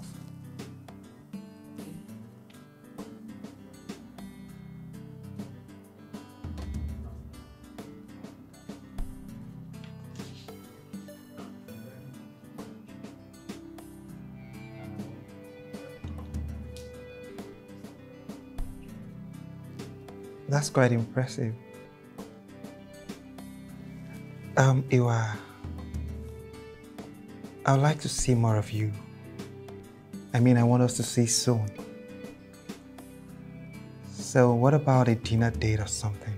That's quite impressive. Um, Iwa, I would like to see more of you. I mean, I want us to see soon. So what about a dinner date or something?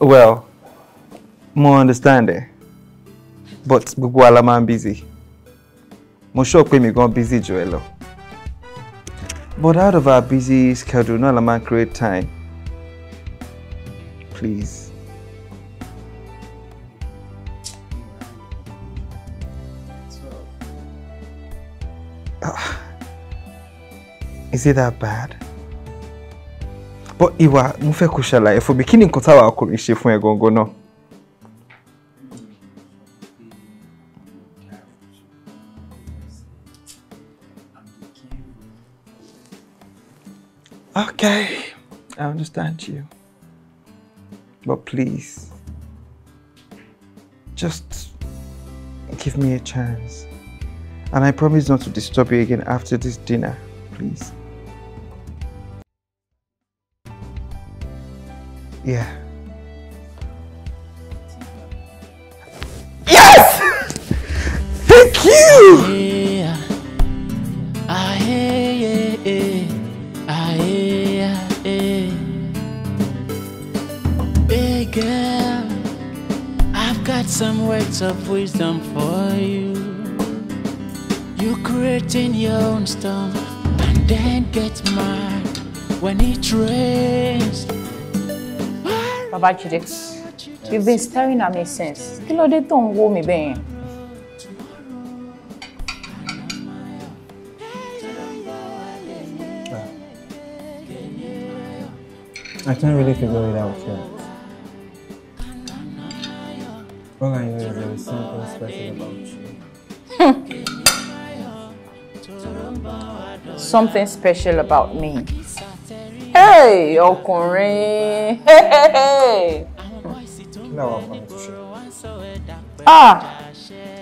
well, more understanding. but gbogbo wa la máa ń busy mo sure pé mi gan busy jù ẹ lọ but out of our busy schedule náà la máa ń create time please. Ah. is it that bad? but ìwà mo fẹ́ kó ṣàlàyé fún mi kí ni nǹkan táwa ọkùnrin ṣe fún ẹ gangan náà. Okay, I understand you. But please, just give me a chance. And I promise not to disturb you again after this dinner, please. Yeah. Jide you've been staring at me since You know they don't wò me, Ben. I can't really figure it out yet. All I know is there is something special about you. Hmm. something special about me. ọkùnrin. kí làwọn afọ mi ti ṣe. Ah,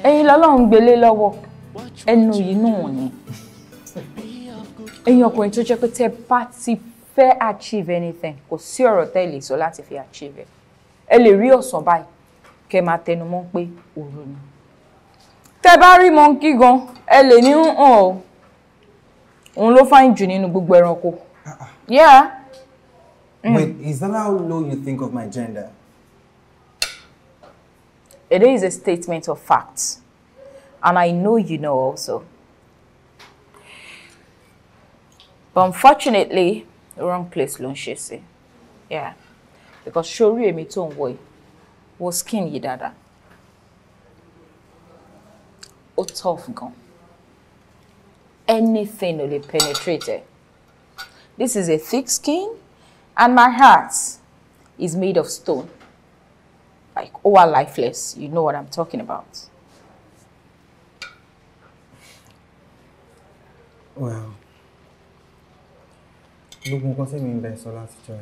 ẹ̀yin lọ́lọ́run gbélé lọ́wọ́ ẹnu yìí náà ni ẹ̀yin ọkùnrin tó jẹ́ pé tẹ́ bá ti fẹ́ achieve anything kò sí ọ̀rọ̀ tẹ́ lè sọ láti fi achieve ẹ̀ ẹ lè rí ọ̀sán báyìí kẹ́ máa tẹnu mọ́ pé òru ni tẹ́ bá rí mọ́ńkì gan ẹ lè ní hàn ọ́ òun ló fáyìn jù nínú gbogbo ẹranko. Ah, ah. yeah. Mm. Wait, is that how low you think of my gender? It is a statement of facts, And I know you know also. But unfortunately, wrong place wrong ń Yeah. Because sórí and tó ń wò yìí, skin yìí Ó tough gun. Anything will penetrate This is a thick skin and my heart is made of stone. Like, oh, are lifeless. You know what I'm talking about. Well, look, bẹ yìí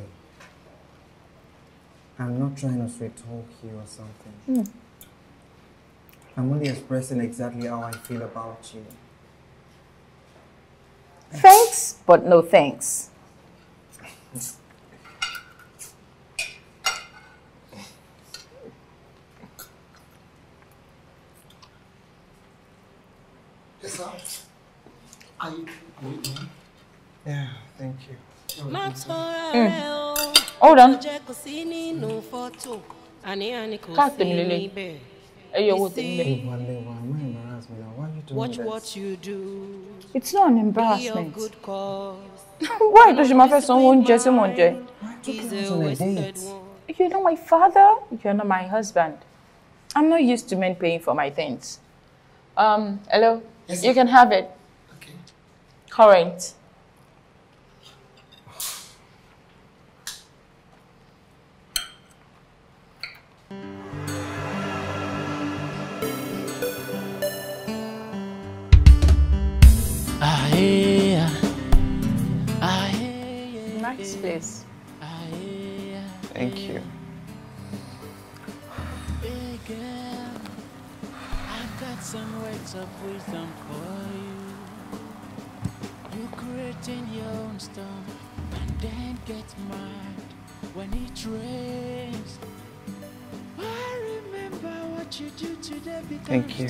I'm not trying to sweet talk you or something. Mm. I'm only expressing exactly how I feel about you. Thanks, but no thanks. Mm. Hold on. Can't tell me. Hey, yo, Watch what you do. It's not an embarrassment. Why does my first son won't just someone Jay? You're not my father. You're not my husband. I'm not used to men paying for my things. Um, hello. Yes. You can have it. Okay. Current. Nice place. Thank you. sun wakes up wisdom for you. You creating your own storm and then get mad when it rains. I remember what you do today Thank you.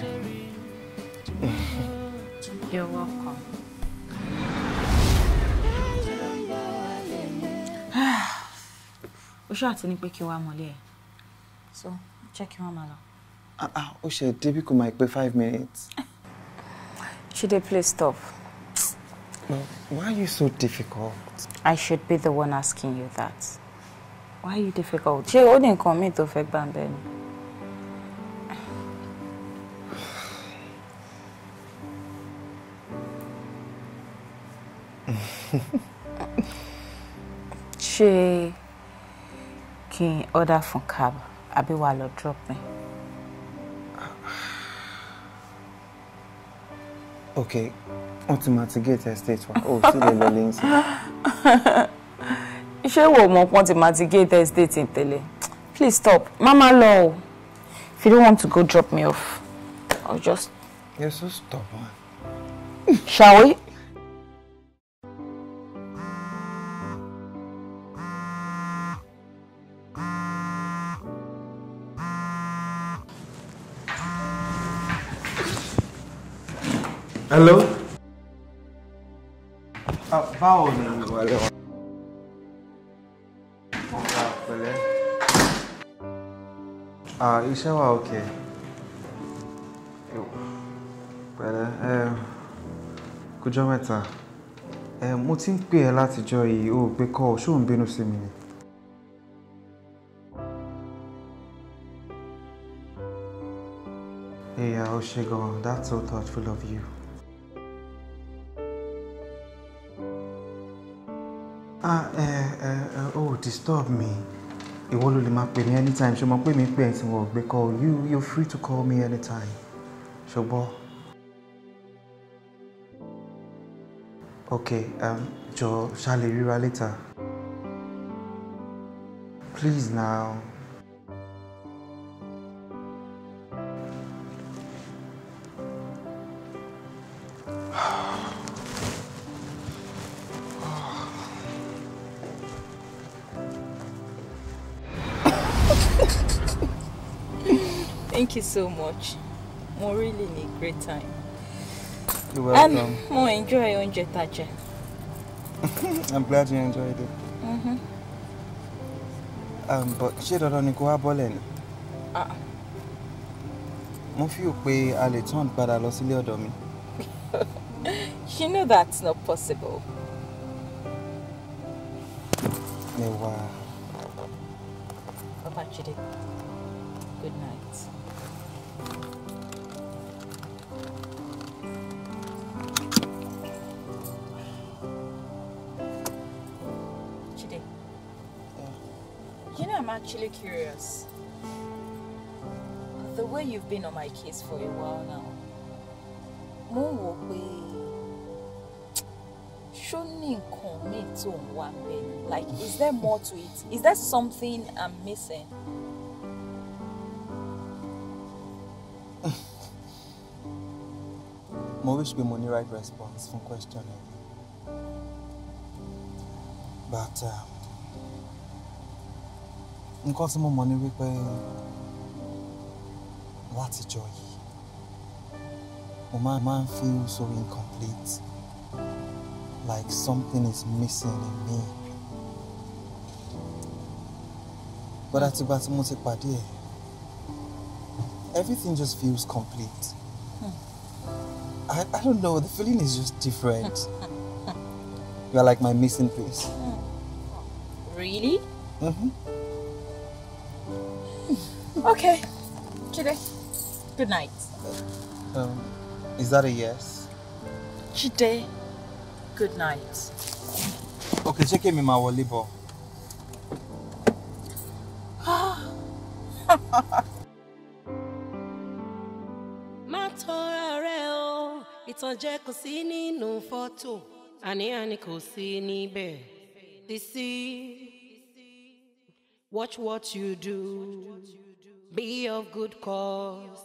You're welcome. o ṣáà ti ní pé kí wàá mọ̀lẹ́ ẹ̀ so jẹ́ kí wọ́n máa lọ. Ah, ah, ó Oshé, débí kò máa pé five minutes. Chide, please stop. Now, why are you so difficult? I should be the one asking you that. Why are you difficult? She ó ní nǹkan míì tó fẹ́ gbà ń order from cab àbí wàá lọ drop me? okay wọn gate estate wa ó sì lè lọ lẹ́yìn sí. iṣẹ́ wo mọ̀ pọ́n ti máa ti gate estate tẹ́lẹ̀ please stop mama lọ if you don't want to go drop me off I'll just. you're so stubborn. shall we. hello. Ah, báwo ni ìwọlé wọn. ọ̀gá pẹ̀lẹ́. iṣẹ́ wa òkè. pẹ̀lẹ́ eh, kújọ́ mẹ́ta eh, mo ti ń pè ẹ́ látijọ́ yìí ó gbé kọ́ ọ ṣó ń bínú sí mi ni. Yeah, Oshigo, that's so thoughtful of you. ah ẹ ẹ o disturb me ìwọ ló lè máa pè mí anytime ṣe mọ pé mi pè ẹ́ tí wọ́n gbé call you you're free to call me anytime ṣùgbọ́n. okay um, jọ ṣá lè ríra later please now. Thank you so much. Mo really ní great time. You're welcome. And um, mo enjoy oúnjẹ tá a I'm glad you enjoyed it. Mm-hmm. Um, but she don't ni kó wá bọ́lẹ̀ ni? Ah. Mo fi hàn pé a lè turn padà lọ sílé ọ̀dọ̀ mi. You know that's not possible. Me wa. Papa Chidi, good night. actually curious. The way you've been on my case for a while now, mo ń wò pé tó one wá like is there more to it is there something I'm missing? mo wish be money right response from questioning, but. Um, nǹkan tí mo mọ̀ ni wípé látijọ́ yìí mo ni that's a joy. mo my maa feels feel so incomplete like something is missing in me. But àtìgbà tí mo ti pàdé ẹ̀ everything just feels complete. Hmm. I, I don't know, the feeling is just different. You're like my missing piece. Hmm. Really? Mm-hmm. Okay. Chide. Good night. Um, is that a yes? Chide. Good night. Okay, check him in my wallet. má tọra rẹ o ìtànjẹ kò sí nínú fọ́tò àní-àní kò sí níbẹ̀ you see watch what you do. Watch what you do be of good cause.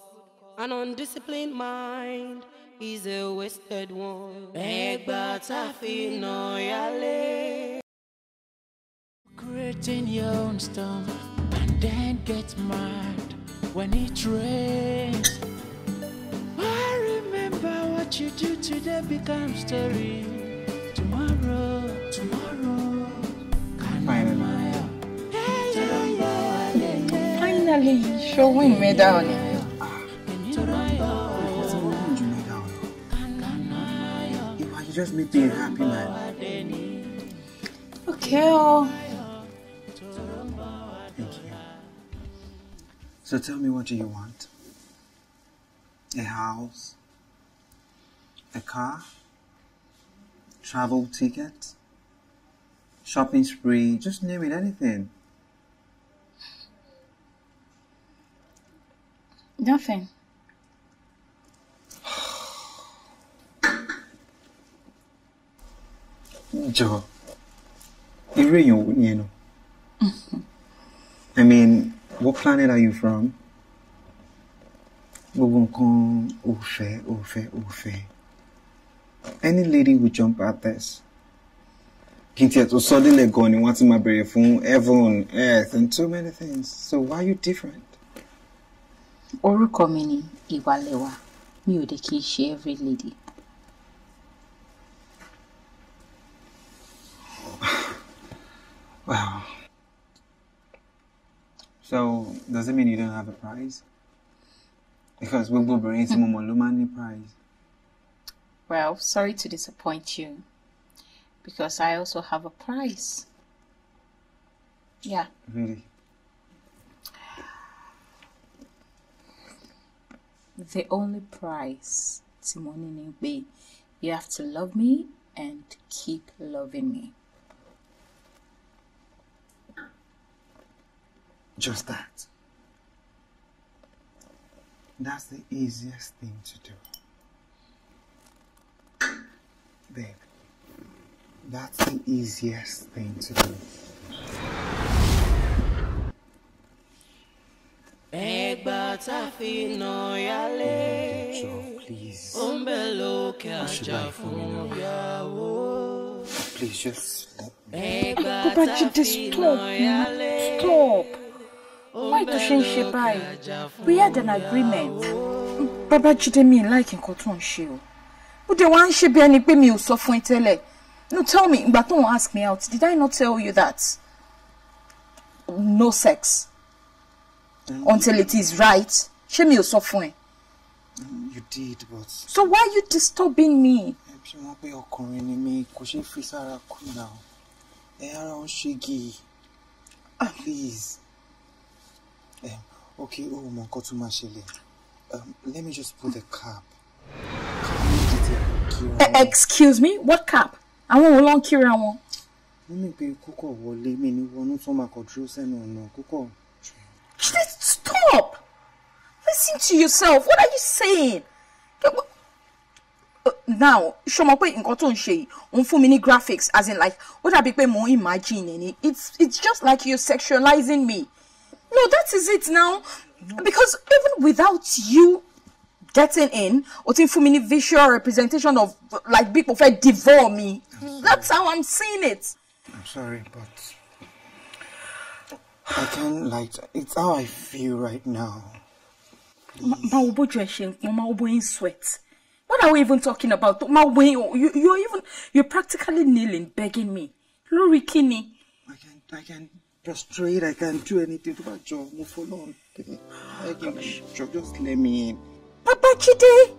An undisciplined mind is a wasted one. but I feel no yálé. Creating your own storm and then get mad when it rains. I remember what you do today becomes story. finally showing me down. What's wrong with you, me down? You are just me being happy, man. Okay. Oh. Thank you. So tell me, what do you want? A house? A car? Travel ticket? Shopping spree? Just name it anything. Nothing. Jọ, irú really wo ni ẹnu? I mean, what planet are you from? Gbogbo nǹkan ò fẹ́, ò fẹ́, ò fẹ́. Any lady would jump at this. Kí n tiẹ̀ tó sọ délẹ̀ gan ni wọ́n ti máa bèrè fún heaven, earth and so many things. So why are you different? orúkọ mi ni ìwàlẹ̀wà mi ò dẹ̀ kí n ṣe every lady. wow. So, does it mean you don't have a prize? Because we'll bring mo some more money prize. Well, sorry to disappoint you because I also have a prize. Yeah. Really? the only price, Timoni be You have to love me and keep loving me. Just that. That's the easiest thing to do. Babe, that's the easiest thing to do. ẹgbà tá a fi nà yálé ó ń bẹ lókè àjà fún ìyàwó. Please just stop. Ẹgbà tá a fi nà yálé ó ń bẹ lókè àjà fún ìyàwó. We had an agreement. Bàbá Jídé mi láìkí nǹkan tó ń ṣe o. Ó dé wá ń ṣe bí ẹni pé mi ò sọ fún ẹ tẹ́lẹ̀. No tell me, ìgbà tó ń ask me out, did I not tell you that? No sex. Mm. until it is right ṣé mi ò sọ fún ẹ. Mm, you did but. so why you disturbing me. ẹ bí wọn pé ọkùnrin ni mi kò ṣeé fi sára kù náà ẹ ara ń ṣègi ah, please um, okay o mọ nǹkan tó máa ṣẹlẹ̀ let me just put the cap. E, excuse me what cap àwọn wo ló ń kíra wọn. mímí pé kókó wọlé mi ní wọnú tó máa kọ dúró sẹ́nu ọ̀nà kókó. She stop. Listen to yourself. What are you saying? Uh, now ṣó mọ̀ pé nǹkan tó ń ṣe yìí ó ń fún graphics as in like ó dàbí pé more ń it's it's just like you're sexualizing me no that is it now because even without you getting in ó ti ń fún visual representation of like people kò devour me that's how I'm seeing it. I'm sorry but I can't like it's how I feel right now. Ma Mama sweat. What are we even talking about? Ma you you're even you're practically kneeling, begging me. Lori Kini. I can I can prostrate, I can't do anything to my job. Move along. I can jaw, just let me in. Papa Chide!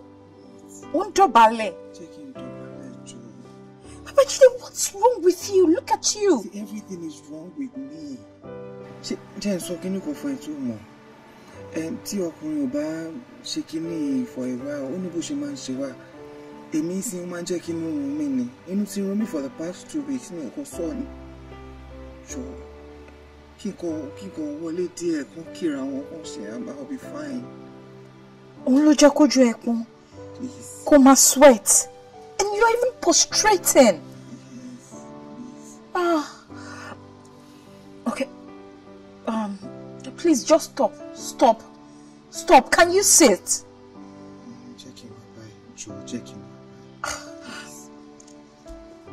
Undobale. Papa Chide, what's wrong with you? Look at you. See, everything is wrong with me. ṣé jẹ́ ẹ sọ kínní kan fún ẹ tó mọ̀ ẹ tí ọkùnrin ò bá ṣe kínní ìfọ̀ ìwà ó ní bó ṣe máa ń ṣe wá èmi sì máa ń jẹ́ kí inú run ni inú ti run mí for the past two weeks ní ẹ̀kọ́ sọ ni jọ kíkọ kíkọ wọlé díẹ̀ kún kíra wọn kún ṣe I'll be fine. òun ló jẹ́ kójú ẹ̀ pọ́n kó máa sweat and you are even prostrating. Yes, yes. Ah. Please just stop. Stop. Stop. Can you sit? Checking.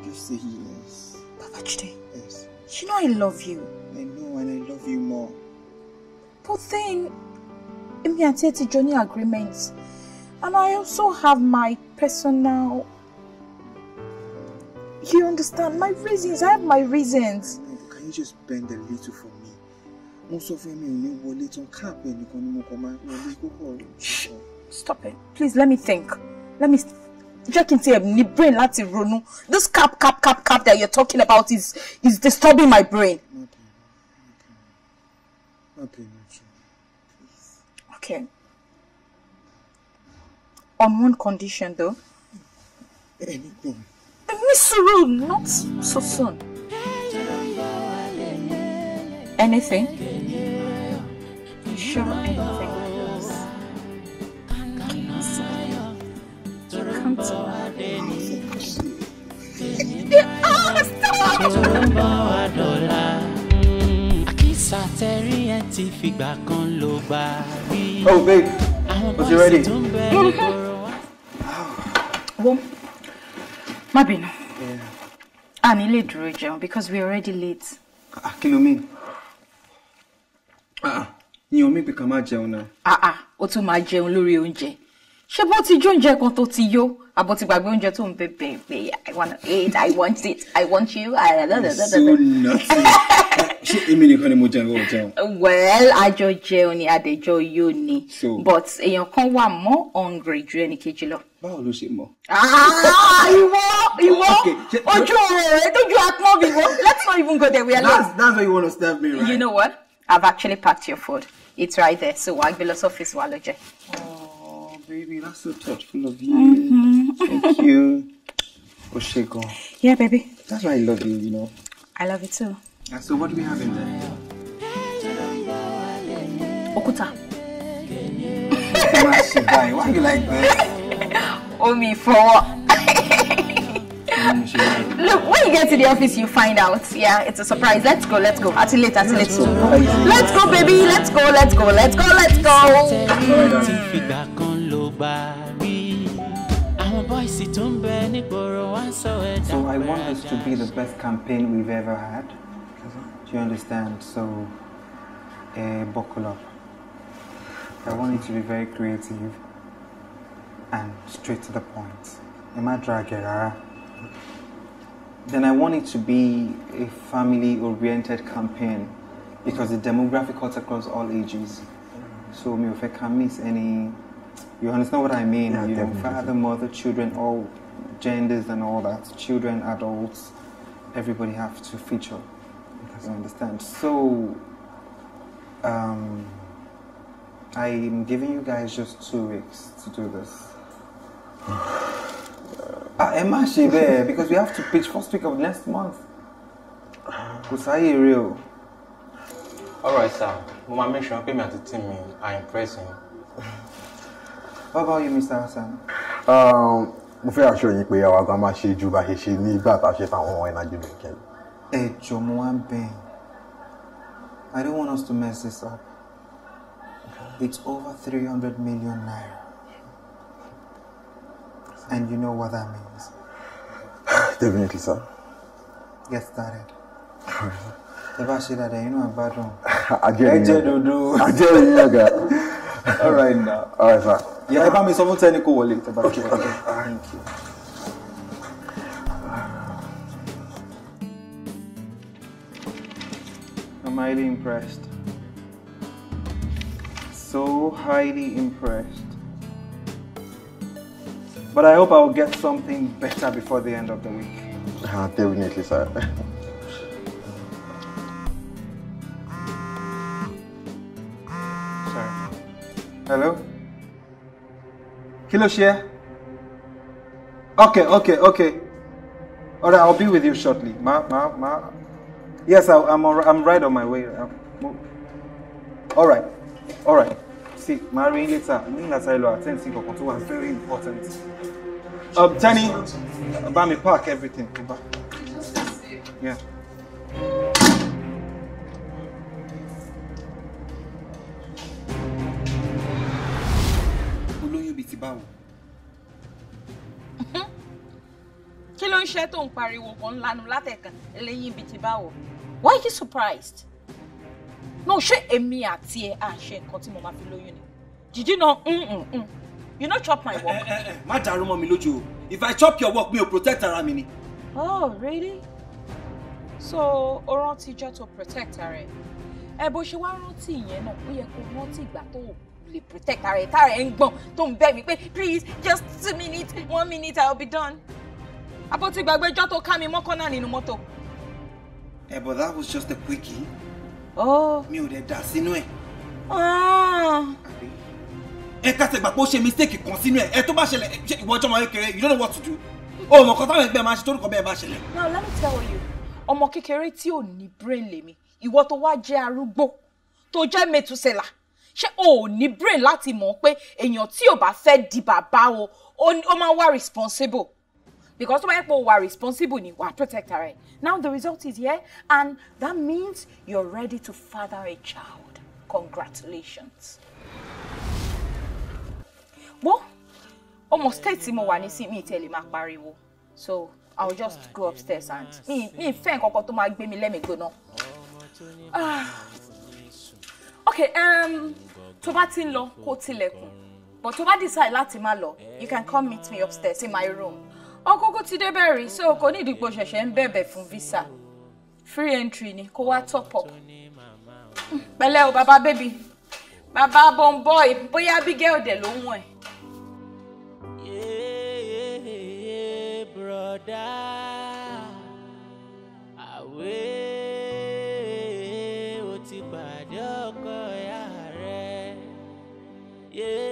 Just say yes. Papa Chide. Yes. You know I love you. I know and I love you more. But then, in and Tete journey agreements. And I also have my personal... You understand? My reasons. I have my reasons. Can you just bend a little for me? mo sọ fún mi ò ní wọlé tán káàpẹ nìkan ni mo kàn máa wọlé kókó stop it please let me think let me jẹ́ kí n tiẹ̀ ní brain láti ronú this cap cap cap cap that you're talking about is is disturbing my brain. okay on one condition though. ẹni gbọ́n. the misery not so soon anything? You sure anything? Oh, babe, was you ready? Well, má bínú. Yeah. A ní lè dúró jẹun because we are already late. Ah, kí ló mean? yín omi pé ká má jẹun ah, àà ó tún máa jẹun lórí oúnjẹ ṣé bó ti jó oúnjẹ kan tó ti yó àbọ̀ ti gbàgbé oúnjẹ tó ń bẹ bẹ bẹ i want eat i want it i want you. so nothing ṣé èmi nìkan ni mo jẹun o jẹun. well àjọ jẹun ni àdẹjọ yóò ni but èèyàn kan wà mọ́ hungry ju ẹnì kejì lọ. báwo ló ṣe mọ̀. ìwọ ìwọ ojú ọ̀rọ̀ rẹ tójú àpọn mi wọ let's not even go there we are late. that's that's why you wanna stab me right. you know what. I've actually packed your food. It's right there. So I will office waloje. Oh, baby, that's so thoughtful of you. Mm -hmm. Thank you. Oshiko. Yeah, baby. That's why I love you, you know. I love you too. And so what do we have in there? Okuta. why are you like this? Omi for what? Look, when you get to the office, you find out. Yeah, it's a surprise. Let's go, let's go. At late, at late. Let's go, baby. Let's go, let's go, let's go, let's go. So I want this to be the best campaign we've ever had. Do you understand? So, uh, buckle up. I want it to be very creative and straight to the point. Am I dragging, then I want it to be a family oriented campaign because the demographic cuts across all ages. So if I can miss any you understand what I mean? Yeah, you know, father, mother, children, all genders and all that. Children, adults, everybody have to feature. You understand? So um, I'm giving you guys just two weeks to do this. Ah, ẹ má ṣe bẹ́ẹ̀ because we have to pitch first week of next month kò sáyè rẹ o. alright sir mo máa make sure pé mi àti team mi are impressing. how about you mr hassan. Um, mo fẹ́ aṣọ yín pé àwa gan máa ṣe ju bá ṣe ṣe nígbà tá a ṣe fáwọn ẹnàjì mi kẹ́lẹ́. ẹ jọ̀ọ́ mo wá I don't want us to mess this up. It's over three hundred million naira. And you know what that means. Definitely, sir. Get started. Tẹ bá ṣe dáadáa inú àgbàdùn. Ẹ jẹ́ dòdò. Ajẹ́ yín yàgà. All right now. All right, sir. Ẹ bá mi miss fún Tẹ́ni you wọlé. Tẹ bá ṣe dáadáa. Thank you. I'm highly impressed. So highly impressed. But I hope I'll get something better before the end of the week. Ah, definitely, sir. Sir, Hello? Hello, share? Okay, okay, okay. All right, I'll be with you shortly. Ma, ma, ma. Yes, I, am I'm, I'm right on my way. Um, right, all right. see marrying later mo ní láti attend sí kankan tó very important. Um, Jenny, bá mi pack everything tó Yeah. olóyún bíi ti báwo. Mhm. kí ló ń ṣe tó ń pariwo Why are you surprised? No, ṣé èmi àti ẹ à ń ṣe nǹkan tí mo máa fi lóyún ni jìjì náà ń ń you no chop my work. ẹ eh, ẹ eh, eh, má dàrú mọ́ mi lójú o if i chop your work mi ò protect ara mi ni. oh really so o rántí ijọ́ tó protect ara ẹ ẹ bó ṣe wá rántí ìyẹn náà ó yẹ kó rántí ìgbà tó o lè protect ara ẹ tára ẹ ń gbọ̀n tó ń bẹ̀ mí pé please just two minutes one minute i will be done àbótigbàgbé ijọ́ tó ká mi mọ́kànnà nínú mọ́tò. ẹ but that was just a quickie. Oh. mi ò dẹ̀ dà sínú ẹ̀. Ah. ẹ kásẹ̀ gbà pé ó ṣe mistake kan sínú ẹ̀ ẹ tó bá ṣẹlẹ̀ ìwọ ọjọ́ ọmọ kékeré you don't know what to do o kan táwọn ẹgbẹ́ máa ṣe torúkọ bẹ́ẹ̀ bá ṣẹlẹ̀. now let me tell you ọmọ kékeré tí ò ní brain lèmi ìwọ tó wá jẹ́ arúgbó tó jẹ́ mẹtùsẹ̀là ṣé o ò ní brain láti mọ̀ pé èèyàn tí ò bá fẹ́ di bàbá o ó máa wá responsible because tó bá yẹ responsible ni wà protect Right eh? now the result is here and that means you're ready to father a child congratulations. wo ọmọ state tí mo wà nísìnyí mi tẹ̀lé máa pariwo so I'll just go upstairs and mi mi fẹ́ nǹkan kan tó máa Let me go now. okay um, tó Tinlo, Kotileku. but tó bá decide láti má you can come meet me upstairs in my room ọkùnkù ti débẹ̀ rí so kò ní ìdìpọ̀ ṣẹ̀ṣẹ̀ ń bẹ̀bẹ̀ fún visa free entry ni kó wá top up. pẹ̀lẹ́ o bàbá bébì bàbá bọ́ńbọ́ì bóyá Abigail dẹ̀ ló wọ̀n ẹ̀. Yeah.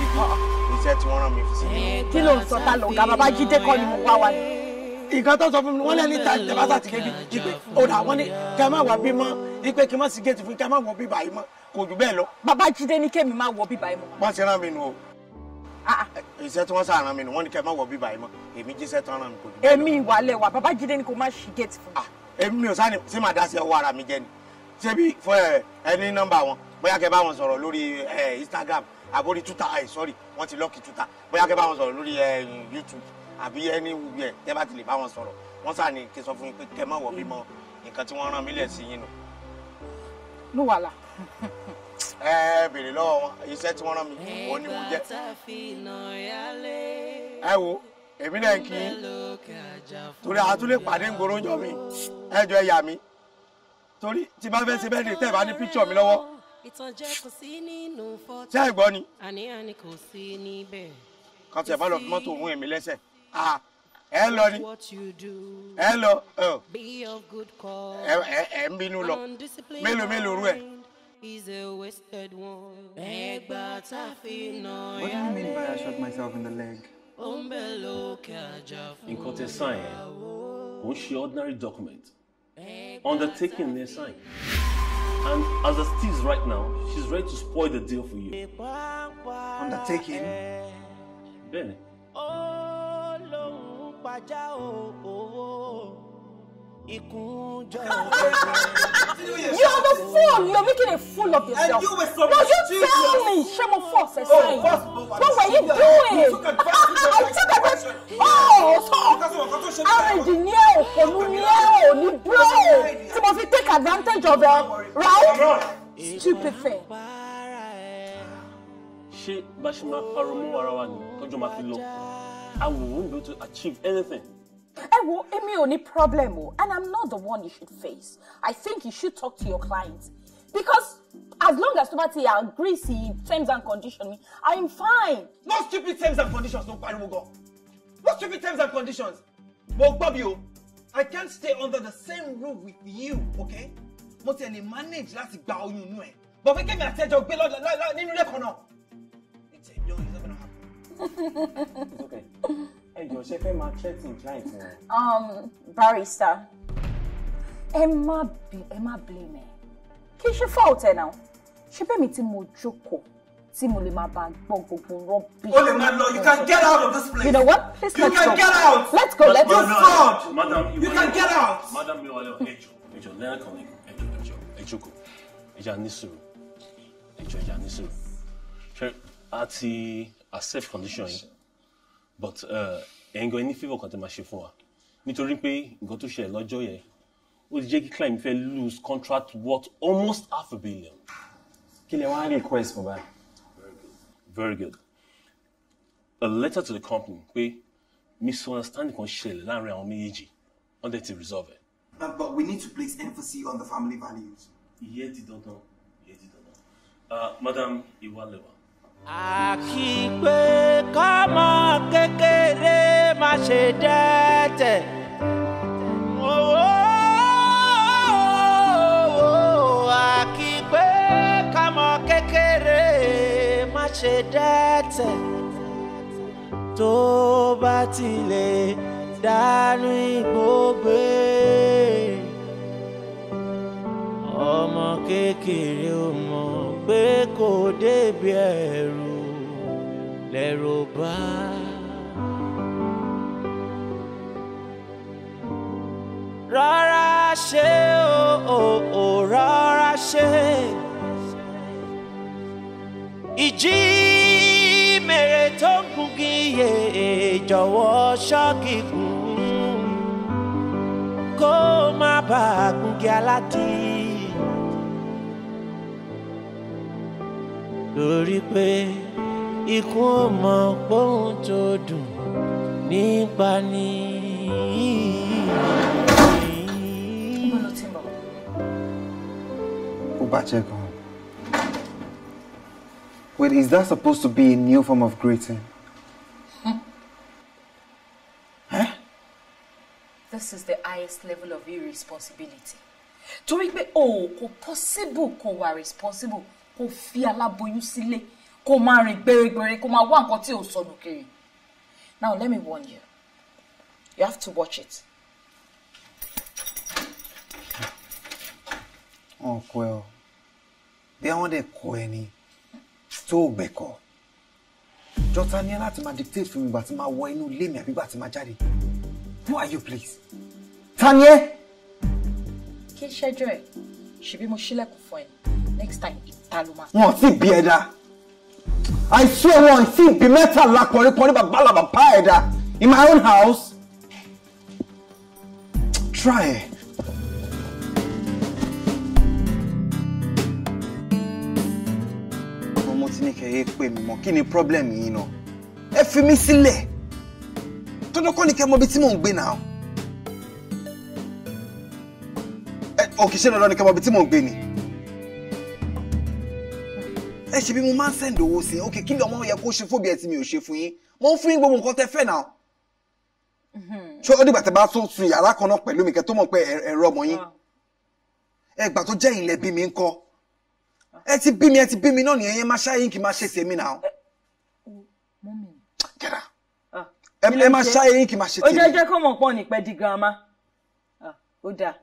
síbí iṣẹ́ kí ló ń sọ ta lọ̀gá babájídé kọ́ ni mo wá wa ni. nǹkan tó sọ fún mi wọ́n lẹ́ni ta ìjẹ́bátà ti débi ìgbé ọ̀dà wọ́n ní kí a má wà bí mọ́ ipe kí n má sì géètì fún kí a má wọ bíbà yìí mọ́ kò jù bẹ́ẹ̀ lọ. babájídé ní kémi má wọ bíbà yìí mọ́. wọ́n ti rán mi nù o ah, ah. iṣẹ́ tí wọ́n sá rán mi nù wọ́n ní kí ẹ má wọ bíbà yìí mọ́ èmi jíṣẹ́ tán rán mi kò jù bẹ́ẹ̀ lọ. èmi ìwàlẹ̀ wà babájídé ni kò má ṣì géètì fún. Ah, èmi ò sáni ṣé màá dá sí ọwọ́ ara mi jẹ ni ṣé bí ẹni nọ́mbà wọn bóyá kẹ bá wọn sọ̀rọ̀ lórí Instagram àbórí tuta, ẹ sọrí wọn ti lọọkì tuta. bóyá kẹ bá wọn sọ̀rọ̀ lórí eh, youtube àbí ẹni wúwẹ tẹ bá ti lè bá wọn sọ̀rọ̀ wọn sà ní kí n sọ fún yín pé kẹ mọ wọ bímọ nǹkan tí wọn rán mi lẹ sí yín nù. ní wàhálà. ẹ bèrè lọ́wọ́ wọn iṣẹ́ tí wọn rán mi òun ni mo jẹ. ẹ wo èmi náà kì í torí àtúlẹ̀ pàdé ń jọ mi ẹ jọ ẹ yà mí torí tí bá fẹ́ ṣe bẹ́ẹ̀ ni tẹ́ ẹ bá ní píkṣọ̀ mi lọ́wọ́ ìtànjẹ kò sí nínú fọ́tò. ṣé ẹ̀gbọ́n ni. àní-àní kò sí níbẹ̀. kan tí ẹ bá lọ fún mọ́tò òun ẹ̀mí lẹ́sẹ̀ ẹ lọ ni ẹ lọ ẹ ń bínú lọ mélòó mélòó rú ẹ. Is a wasted one. Ẹgbà tá a fi nà yálẹ̀. What do you mean by I shot myself in the leg? Nǹkan tẹ sign yẹn, kò ń ṣe ordinary document. Undertaking ni sign. And as it is right now, she's ready to spoil the deal for you. Undertaking? Bẹ́ẹ̀ni. You're the fool! You're making a fool of yourself. And you were so No, you tell me! Shame of force, I oh, say. What were you doing? You took advantage àwọn engineer òpònú ni ẹ ò ní blow tí mo fi take advantage of ẹ right stupid fair. ṣe bá ṣe máa parọ́ mọ́ ara wa ni tọ́jú máa fi lọ I won't be able to achieve anything. ẹ wo èmi ò ní problem o and I'm not the one you should face I think you should talk to your client because as long as tó agrees ti terms and conditions i am fine. no stupid terms and conditions no pariwo gan no stupid terms and conditions but gbọ́ o i can't stay under the same roof with you okay mo ti ẹni manage láti gba oyún inú ẹ but pé kémi àtẹjọ gbé lọ́dọ̀ nínú ilé kan náà it's a it's okay Hey, your chef fẹ́ máa threatening client Um, barrister ẹ má blame ẹ kì í ṣe fault ẹ̀ náà ṣé bẹ́ẹ̀ mi tí mo jókòó tí mo lè máa bá gbọ́ gbogbo rọ́bì. o lè máa lọ you can get out of this place. you know what please you let's go. you can get out. let's go let's go. you madam you can get out. madam iwale ẹjọ ẹjọ lẹ́yìn kan ní ẹjọ ẹjọ ẹjọ kò ẹjọ ní sùúrù ẹjọ ẹjọ ní sùúrù ṣe àti accept condition yìí but uh, ẹ̀ǹgọ̀ ẹni favour kan tẹ́ máa ṣe fún wa nítorí pé nǹkan tó ṣẹlẹ̀ lọ́jọ́ yẹn ó ti jẹ́ kí client fẹ́ lose contract worth almost half a billion. kí lè wá request mo báyìí. very good a letter to the company pé misunderstanding kan ṣẹlẹ̀ láàrin àwọn méjèèjì wọ́n dẹ̀ ti resolve it. Uh, but we need to place emphasis on the family values. ìyẹ́ ti dandan ìyẹ́ ti dandan. Uh, madam Iwalewa. àkìpé kọ́mọ kékeré má ṣe dẹ́tẹ̀. ṣe dẹ́tẹ̀ tó bá tilẹ̀ dánú ìgbógbé ọmọ kékeré ò mọ̀ pé kò débi ẹ̀rù lẹ́rù bá. rọra ṣe o ò rọra ṣe ìjì mèrè tó ń gun gíye jọ̀wọ́ ṣọ́ọ̀kì gùn kó má bàa gungi aláti. lórí pé ikú ò mọ pohùn tó dùn nípa ni. ó bàjẹ́ gan. Wait, is that supposed to be a new form of greeting? Hmm. Huh? This is the highest level of irresponsibility. Torí me, oh, kò possible kò wà responsible kò fi aláboyún sílé kò máa rìn bere? kò máa wá nǹkan tí ò sọnù kiri. Now let me warn you. You have to watch it. Ọ̀pẹ ọ̀ bí are dẹ̀ kọ ẹni. Sóògbẹ̀kọ̀ jọta ní láti máa dictate fún mi ìgbà tí máa wọ inú ilé mi àbí ìgbà tí máa jáde who are you please ta ni ẹ. kí n ṣẹjọ ẹ mo ṣílẹ̀kùn fún ẹ next time ìta ló máa. wọn sì bí ẹ dá àìsí wọn sì bí mẹ́tàlá kọríkọrí bàbá làbàbá ẹ dá in my own house try it. ti ní kẹ́ ẹ pè mí mọ́ kí ni problem yìí náà ẹ fi mí sílẹ̀ tọ́jọ́ kọ́ ni kẹ́ mọ ibi tí mò ń gbé náà ẹ òkè ṣe ni kẹ́ mọ ibi tí mò ń gbé ni ẹ ṣe bí mo máa ń sẹ́ǹdì owó sí òkè kí ni ọmọ yẹ kó ṣe fóbi ẹ tí mi ò ṣe fún yín mo ń fún yín gbogbo nǹkan tẹ́ fẹ́ náà mm-hmm. ṣé ó dìgbà tẹ́ bá tún sun yàrá kan náà pẹ̀lú mi kẹ́ tó mọ̀ pé ẹ̀rọ ọmọ yín ah. ẹgbà tó jẹ́ ilẹ̀ bí mi ń kọ́ ẹ ti bí mi ẹ ti bí mi náà nìyẹn yẹn máa ṣáyé kì í máa ṣe sèmi náà. jẹ́ra ẹ máa ṣáyé kì í máa ṣe tèmi. Ah, ó jẹ́ jẹ́ kó mọ̀ pọ̀ ní pẹ́ di girama ah, ó dáa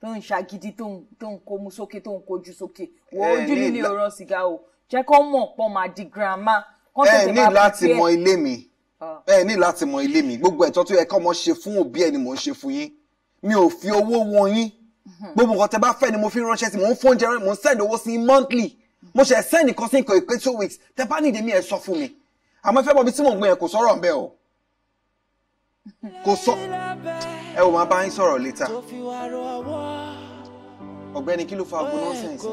tó ń ṣàgídí tó ń kó mu sókè tó ń kojú sókè wọ ojú líle ọ̀rọ̀ sìgá o jẹ́ kó mọ̀ pọ̀ máa di girama kó tètè máa bẹ̀rẹ̀ ẹ ní láti mọ ilé mi ah. ẹ ní láti mọ ilé mi gbogbo ẹ̀tọ́ tó yẹ kọ́ mọ ṣe fún òbí ẹ mò ń ṣe fún yín mi ò fi owó wọn yín Mm-hmm. gbogbo nǹkan tẹ bá fẹ́ ni mo fi ránṣẹ́ sí mo ń fún oúnjẹ rẹ̀ mo ń send owó sí monthly mo ṣe send nǹkan sí nǹkan ìpè two weeks tẹ bá nìdí mi ẹ sọ fún mi àmọ́ fẹ́ mọ̀ bí tí mò ń gbé yẹn kò sọ̀rọ̀ ńbẹ́ o kò sọ ẹ ò máa bá yín sọ̀rọ̀ létà ọ̀gbẹ́ni kí ló fa ogun nọ́sẹ̀nsì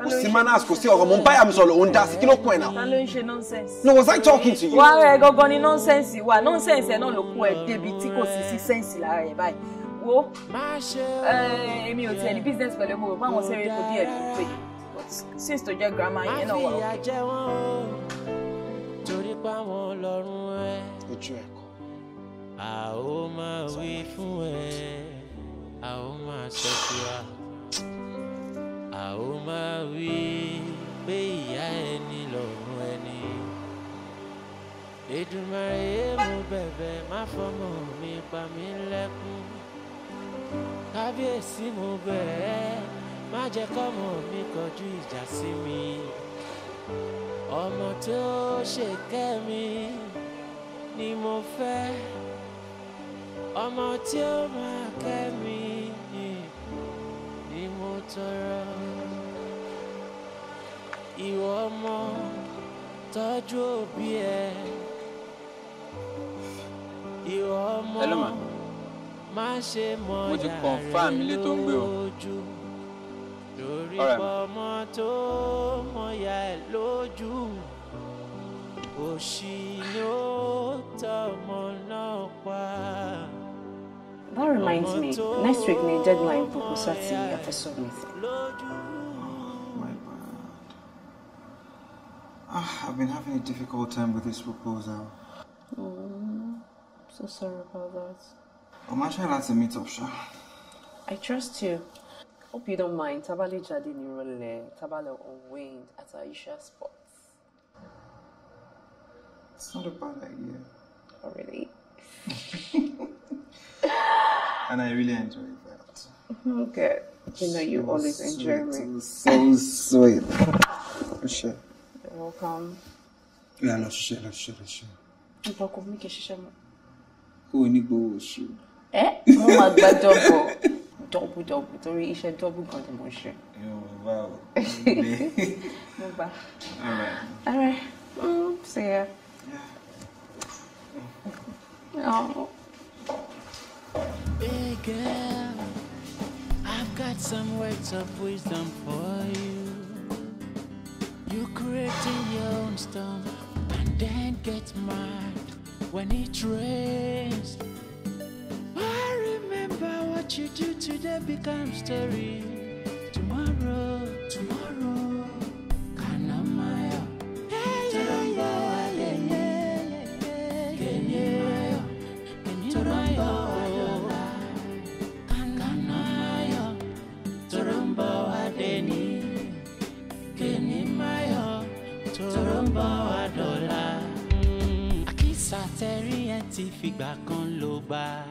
kò sí manners kò sí ọ̀rọ̀ mo ń báyà mi sọ̀rọ̀ òun dá sí kí ló kún ẹ̀ náà. ló ń ṣe nonsense. no was I talking to you. wàá rẹ gangan ni nonsense wà nonsense ẹ náà ló kún ẹ débi tí kò sì sí sense lára ẹ báyìí wo eh, èmi ò tiẹ̀ ní business pẹ̀lú mo rò pé àwọn kò díẹ̀ tó pè since tó jẹ́ grandma yẹn náà wà òkè. torí pa wọn lọ́rùn ẹ. ojú ẹ kọ. a ó máa wí fún ẹ a ó máa sọ sí wa a ó máa wí pé ìyá ẹni lọ́rùn ẹni. Èdùmàrè mo bẹ̀bẹ̀ má fọmọ mi pa mí lẹ́kún kábíyèsí mo bẹ̀ ẹ́ má jẹ́ kọ́mọ mi kọjú ìjà sí mi ọmọ tó ṣe kẹ́ mi ni mo fẹ́ ọmọ tí ó máa kẹ́ mi ni mo tọrọ ìwọ ọmọ tọ́jú òbí ẹ ìwọ ọmọ. mo ti ilé tó ń gbé o. That reminds me, next week ni deadline proposal ti a fẹ́ submit. Ah, I've been having a difficult time with this proposal. Oh, so sorry about that. Well, Masha, that's a meet-up, sure. I trust you. Hope you don't mind. Tabale jadi nirole, ìrọ̀lẹ́, Tabale wind at Aisha Sports. It's not a bad idea. Oh, really? and I really enjoy that. Okay. Oh, you know, you so always sweet. enjoy me. So sweet. You're welcome. Yeah, no, share, no, share, no, share. You talk of me, Keshishama. Oh, you need to ẹ́ eh? wọ́n máa dọ́bù dọ́bù torí iṣẹ́ dọ́bù kan ni mo ń ṣe. mo gbà. all right mm, see ya. Oh. girl, I've got some words of wisdom for you. You created your own storm and then get mad when it rains. What you do today becomes story tomorrow. Tomorrow. Kanamayo. Torombo alele. Kenyayo. Torombo ayola. Kanamayo. Torombo adeni. Kenimayo. Torombo adola. Àkísà tẹ́rí ẹ̀ ti fìgbà kan ló gbà.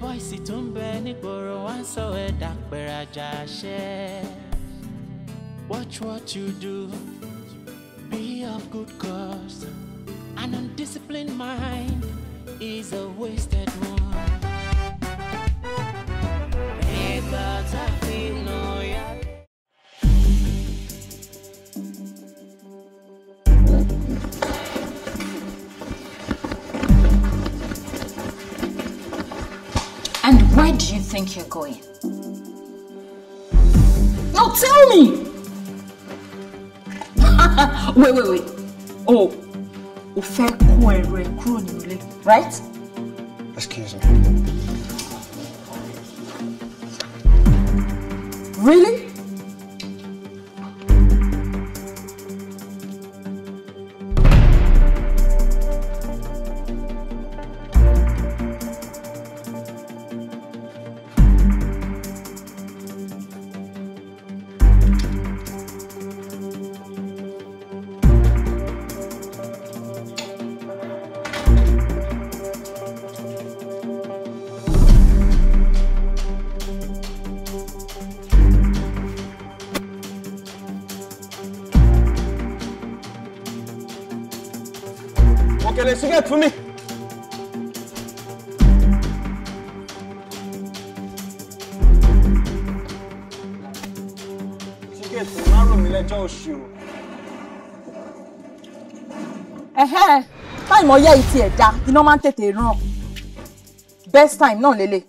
Boy, tó ń bẹ nígboro wá ń sọ ẹ̀ dàpẹ̀rajà ṣẹ́. Watch what you do, be of good cause. An undisciplined mind is a wasted one. think you're going? No, tell me! wait, wait, wait. Oh, o fẹ́ kó ẹrù right? Excuse me. Really? ẹjọ́ oṣù. ẹ̀hẹ́ táì mọ yẹ́ ìtì ẹ̀dá iná máa ń tètè ràn best time náà lélẹ̀.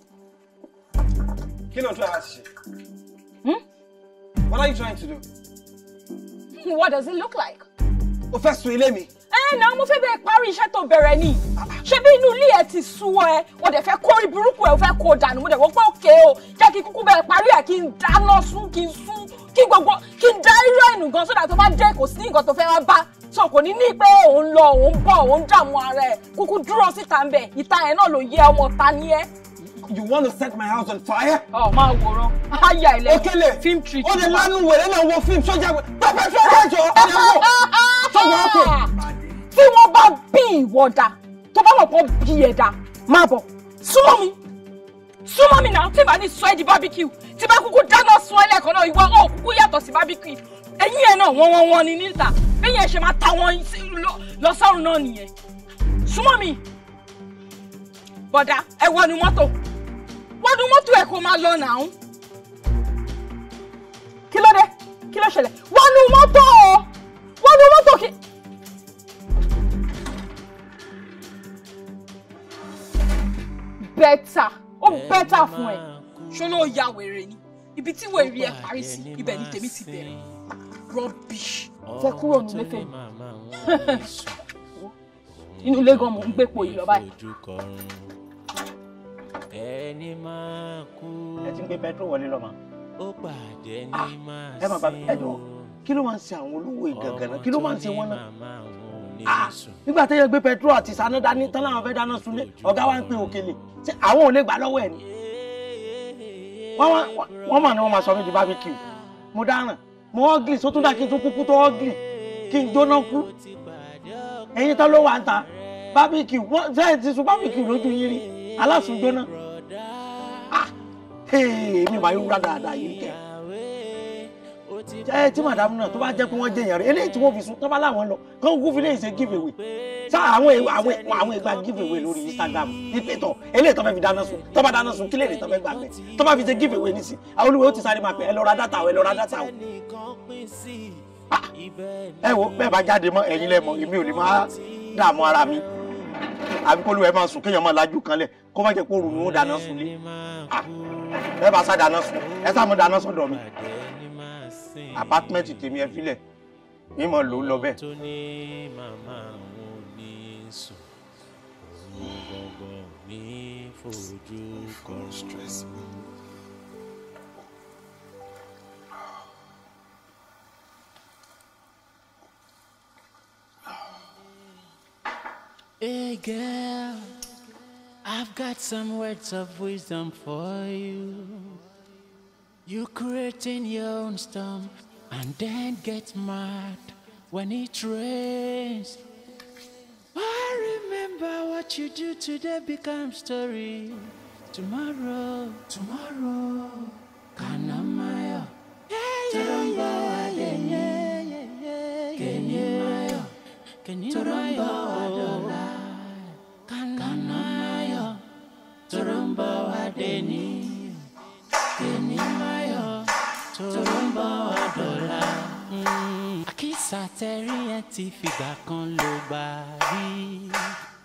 kí ló ń tún ara ṣe. what are you trying to do. what does it look like. o fẹ́ sun ilé mi. ẹ náà mo fẹ́ bẹ́ẹ̀ parí iṣẹ́ tó bẹ̀rẹ̀ ni ṣé bí inú ilé ẹ ti sú ẹ o dẹ̀ fẹ́ kórìí burúkú ẹ o fẹ́ kó o dànù mo dẹ̀ wọ́n pé òkè o jẹ́ kí kúkú bẹ́ẹ̀ parí ẹ̀ kí n dáná sún kí n sún kí gbogbo kí n da irú ẹnu gan sódà tó bá dé kò sí nǹkan tó fẹ́ wá bá so kò ní ní pé òun lọ òun bọ̀ òun dààmú ara ẹ̀ kúkú dúró síta ń bẹ̀ ìta ẹ̀ náà ló yẹ ọmọ ta ni ẹ́. You want to set my house on fire? Ọ̀ máa wòran. Aya ilẹ̀ Okele film treat. Ó lè lánú wèrè náà wo film sójà wẹ̀. Pẹ́pẹ́ sójà jọ ọ̀dẹ̀ wò. Sọ̀rọ̀ ọkọ̀. Tí wọ́n bá bí ìwọ̀dà tó bá mọ̀ pọ̀ bí ẹ̀dà máa bọ̀ súnmọ́ mi súnmọ́ mi náà tí màá ní sọ ẹ́ di bábíkì tí bá kúkú dáná sun ẹ́ lẹ́ẹ̀kan náà ìwọ ọ̀ kúkú yàtọ̀ sí bábíkì ẹ̀yìn ẹ̀ náà wọ́n wọ́n wọ́n ni níta bẹ́yẹn ṣe máa ta wọn lọ sọ́run náà nìyẹn súnmọ́ mi bọ̀dá ẹ wọnú mọ́tò wọnú mọ́tò ẹ̀ kó máa lọ nàá kí ló dé kí ló ṣẹlẹ̀ wọnú mọ́tò wọnú mọ́tò kí. better ó bẹ́tà fún ẹ ṣọlá ó ya wèrè ni ibi tí wèrè ẹ parí sí ibẹ̀ ni tèmi ti bẹ̀rẹ̀ rubbish fẹ́ kúrò nílé fẹ́ inú ilé gan mo ń gbé po yìí lọ báyìí. ẹni máa kú. ẹ ti ń gbé pẹtrol wọlé lọ ma. ó pàdé ní máa sí o. ẹ má bàbá ẹ jọ kí ló máa ń ṣe àwọn olówó ìgàngànà kí ló máa ń ṣe wọn náà. Ah, nígbà tẹ́yẹ gbé petrol àti ìsáná dání tán láwọn fẹ́ dáná sunlé ọ̀gá wa ń pè òkèlè ṣé àwọn ò lè gbà lọ́wọ́ ẹ̀ ni. wọ́n mà ní wọ́n máa sọ mí di barbecue mo dáràn mo ọ́gìlì tó tún dá kí n tún kúkú tó ọ́gìlì kí n jóná kú ẹ̀yin tán ló wà ń ta barbecue wọ́n sẹ́yìn ti sun barbecue lójú yín rí alásùnjóná. èmi ah, màá yóò rà dáadáa yìí kẹ́ ẹ̀ ẹ tí màdàmú náà tó bá jẹ́ pé wọ́n jẹ̀yàn rẹ̀ eléyìí tí wọ́n fi sun tọ́ba láwọn lọ kán kú fi lè ṣe give away sá àwọn àwọn àwọn ìgbà give away lórí Instagram ìpè tọ̀ eléyìí tó fẹ́ fi dáná sun tọ́ba dáná sun kí lè lè tọ́ fẹ́ gbà bẹ́ẹ̀ tó bá fi ṣe give away nísìn àwọn olùwẹ̀ ó ti sáré máa pẹ́ ẹ lọ ra dátà o ẹ lọ ra dátà o. Ah, ẹ wo bẹ́ẹ̀ bá jáde mọ́ ẹ̀yin lẹ́mọ̀ èmi ò lè máa dààmú ara mi àbí kó lóye máa sùn kéèyàn máa lajú kanlẹ̀ kó má jẹ́ kó rùn ó dáná sun lé ah, ẹ bá sá dáná sun ẹ sá mọ́ dáná sọ́dọ̀ mi apátímẹ́ǹtì tèmi ẹ filẹ̀ ní ló lọ bẹ́ẹ̀. tó ní màmá àwọn mi sùn òun gbọ̀ngàn mi fojú kọrùn. Hey girl, I've got some words of wisdom for you. You create in your own storm and then get mad when it rains. I remember what you do today becomes story. Tomorrow, tomorrow, Kanamaya, Torombawa Denye, Kenyamaya, Kenyamaya. ti fìgbà kan ló bá rí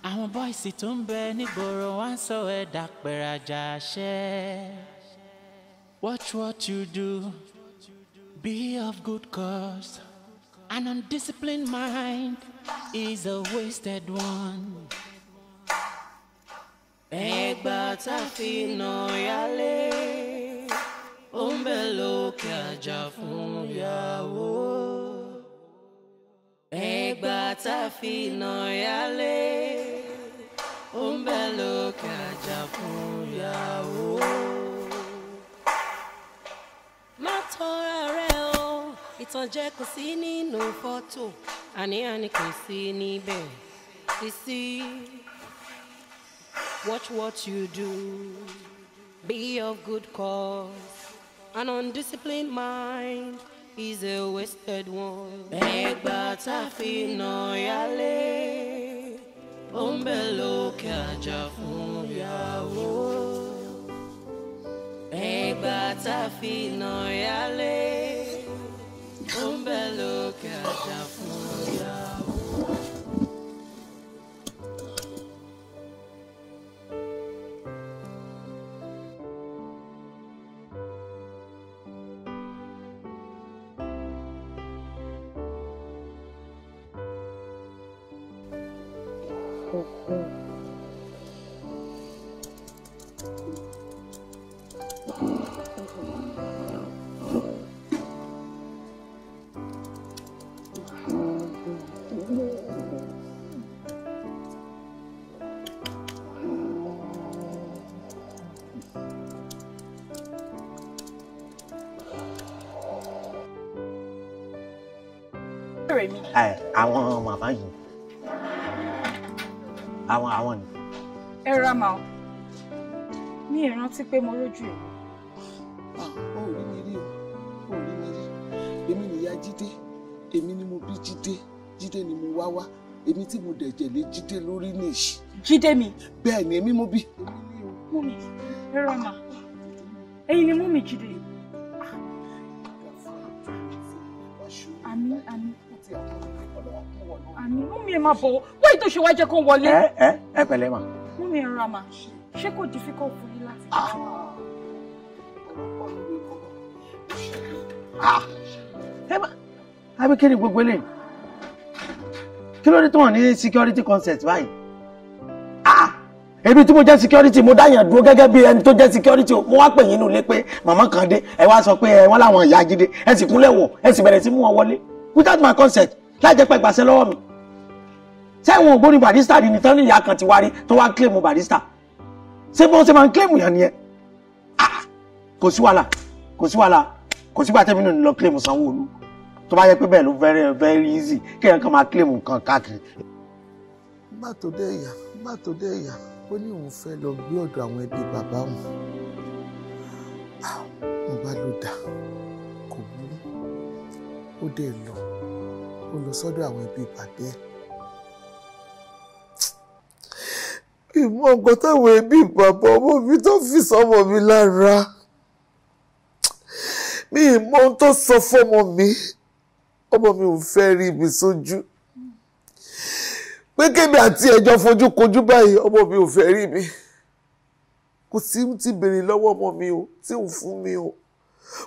àwọn bọ́ìsì tó ń bẹ nígboro wá ń sọ ẹ̀dá pẹ̀rajà ṣẹ́ watch what you do be of good cause an undisciplined mind is a wasted one. ẹgbà tá a fi nà yálé ó ń bẹ lókè àjà fún ìyàwó ẹgbà a fi nà ya lé ó ń bẹ lókè àjà fún yàwó. tọra rẹ o ìtànjẹ kò sí nínú fọ́tò àní-àní kò sí níbẹ̀ sisi watch what you do be of good cause an undisciplined mind. is a wasted one. ẹgbà tá a fi nà yale, ó ń bẹ lókè àjà fún ìyàwó. ẹgbà tá fi nà yale, ó ń bẹ lókè àjà fún ìyàwó. pé mo rójú ẹ̀. Ah, ó rí mi rí o ó rí mi rí èmi nìyá jíde èmi ni mo bí jíde jíde ni mo wá wá èmi tí mo dẹ̀jẹ̀ lé jíde lórí nìyí. jíde mi. bẹ́ẹ̀ ni èmi mo bí. mú mi ẹ rọ mà ẹ̀yin ni mú mi jíde. àmín àmín àmín mú mi ẹ bọ̀ wọ́n ètò ìṣèwádìí kan wọlé. ẹ ẹ ẹ pẹ̀lẹ́ mà. mú mi ẹ rọ ṣé kò difficult fún mi àbí kí ni gbogbo eléyìí kí ló dé tó wà ní security concert báyìí ebi tí mo jẹ́ security mo dáyàn dúró gẹ́gẹ́ bí ẹni tó jẹ́ security o mo wá pè yín nù lé pé màmá kan dé ẹ wá sọ pé ẹ wọ́n láwọn ìyá jíde ẹ sì kúnlẹ̀ wọ̀ ẹ sì bẹ̀rẹ̀ sí mú wọn wọlé without my consent láì jẹ́ pé gbàṣẹ lọ́wọ́ mi sẹ́wọ̀n ògbóni barista ni nìtàn ní ìyá kan ti wá rí tó wá claim barista ṣé bí wọ́n ṣe máa ń kílẹ̀mù yàn nìyẹn ah, kò sí wàhálà kò sí wàhálà kò sígbà tẹ́mi nínú lọ kílẹ̀mù Sanwó-Olú tó bá yẹ pé bẹ́ẹ̀ ló very very easy kéèyàn kan máa kílẹ̀mù kan káàkiri. nígbà tó dé ìyá nígbà tó dé ìyá ó ní òun fẹ́ lọ gbé ọ̀dọ̀ àwọn ẹbí bàbá òun mo ah, bá ló dà kò burú ó dé lọ ó lọ sọ́dọ̀ àwọn ẹbí bàbá ẹ̀ ìmọ̀ nǹkan táwọn ẹbí bàbá ọmọ mi tó fi sọmọ mi lára mi ìmọ̀ ohun tó sọ fọmọ mi ọmọ mi ò fẹ́ rí ibi sójú pé kébì àti ẹjọ́ fojú kojú báyìí ọmọ mi ò fẹ́ rí mi kò sí ti béèrè lọ́wọ́ ọmọ mi o tí ò fún mi o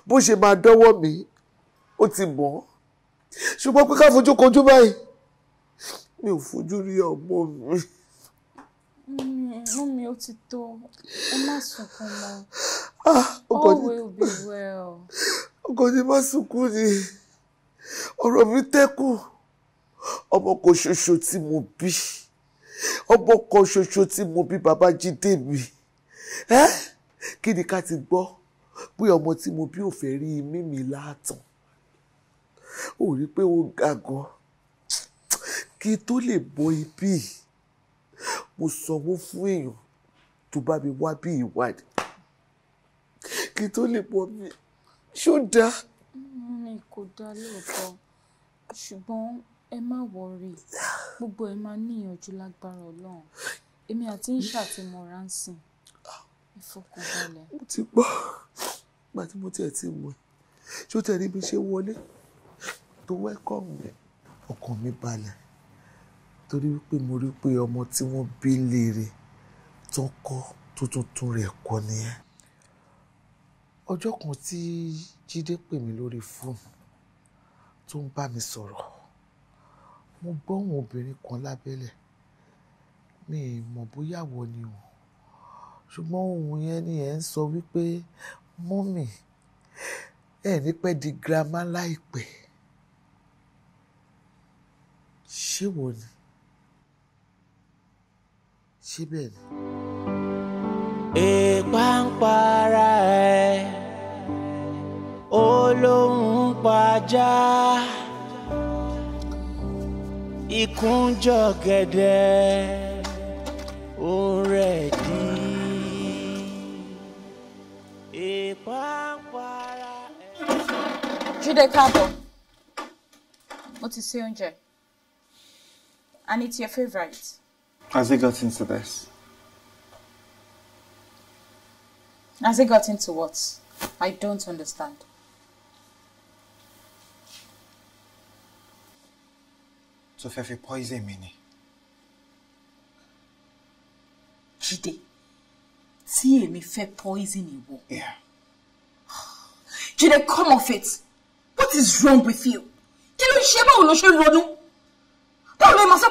bó ṣe máa dọ́wọ́ mi ó ti mọ̀ ṣùgbọ́n pé ká fojú kojú báyìí mi ò fojú rí ọmọ mi. Mummy, ó ti tó. Ẹ má sunkún mọ́. Ah, All will be well. Ọkọ ni má sunkún ni. Ọ̀rọ̀ mi tẹ́kù. Ọmọ kan ṣoṣo tí mo bí. Ọmọ kan ṣoṣo tí mo bí bàbá Jídé mi. Kí ni ká ti gbọ́ pé ọmọ tí mo bí ò fẹ́ rí mímì láàtàn? Ó rí pé ó ga gan. Kí n tó lè bọ ibi yìí mo sanwó fún èèyàn tó bá mi wá bí ìwádìí kí tó lè pọ̀ mi ṣó dáa. mi kò dáa lóòótọ́ ṣùgbọ́n ẹ má wọrí gbogbo ẹ máa níyànjú lágbára ọlọ́run èmi àti ń ṣàtìmọ̀ra ń sìn ìfọkànbalẹ̀. mo ti gbọ́ nígbà tí mo tiẹ̀ ti mọ̀ ṣó tẹ̀ níbi ṣe wọlé tó wẹ́kọ̀ọ̀mù ọkàn mi balẹ̀ torí wípé mo rí pé ọmọ tí wọ́n bí léèrè tọkọ tó tuntun rẹ̀ kọ́ nìyẹn. ọjọ́ kan tí Jídé pè mí lórí fóònù tó ń bá mi sọ̀rọ̀ mo gbọ́ ohùn obìnrin kan lábẹ́lẹ̀ mi ì mọ̀ bóyá wọ ni o ṣùgbọ́n ohùn yẹn ni ẹ̀ ń sọ wípé mọ́mì ẹ̀ ní pẹ́ di girama láìpẹ́ ṣé wọ ni ṣé bẹ́ẹ̀ ni. èèpà ń olóhùn pajá ìkúnjọ gẹ̀dẹ̀ òun rẹ̀ dí èèpà ń para ẹ̀. káàbọ̀ mo ti ṣe oúnjẹ and it's your favorite. Has he got into this? Has he got into what? I don't understand. tó fẹ́ poison mi ni. see me èmi poison you. Yeah. Jídé come off it what is wrong with you? Can you share my báwo ló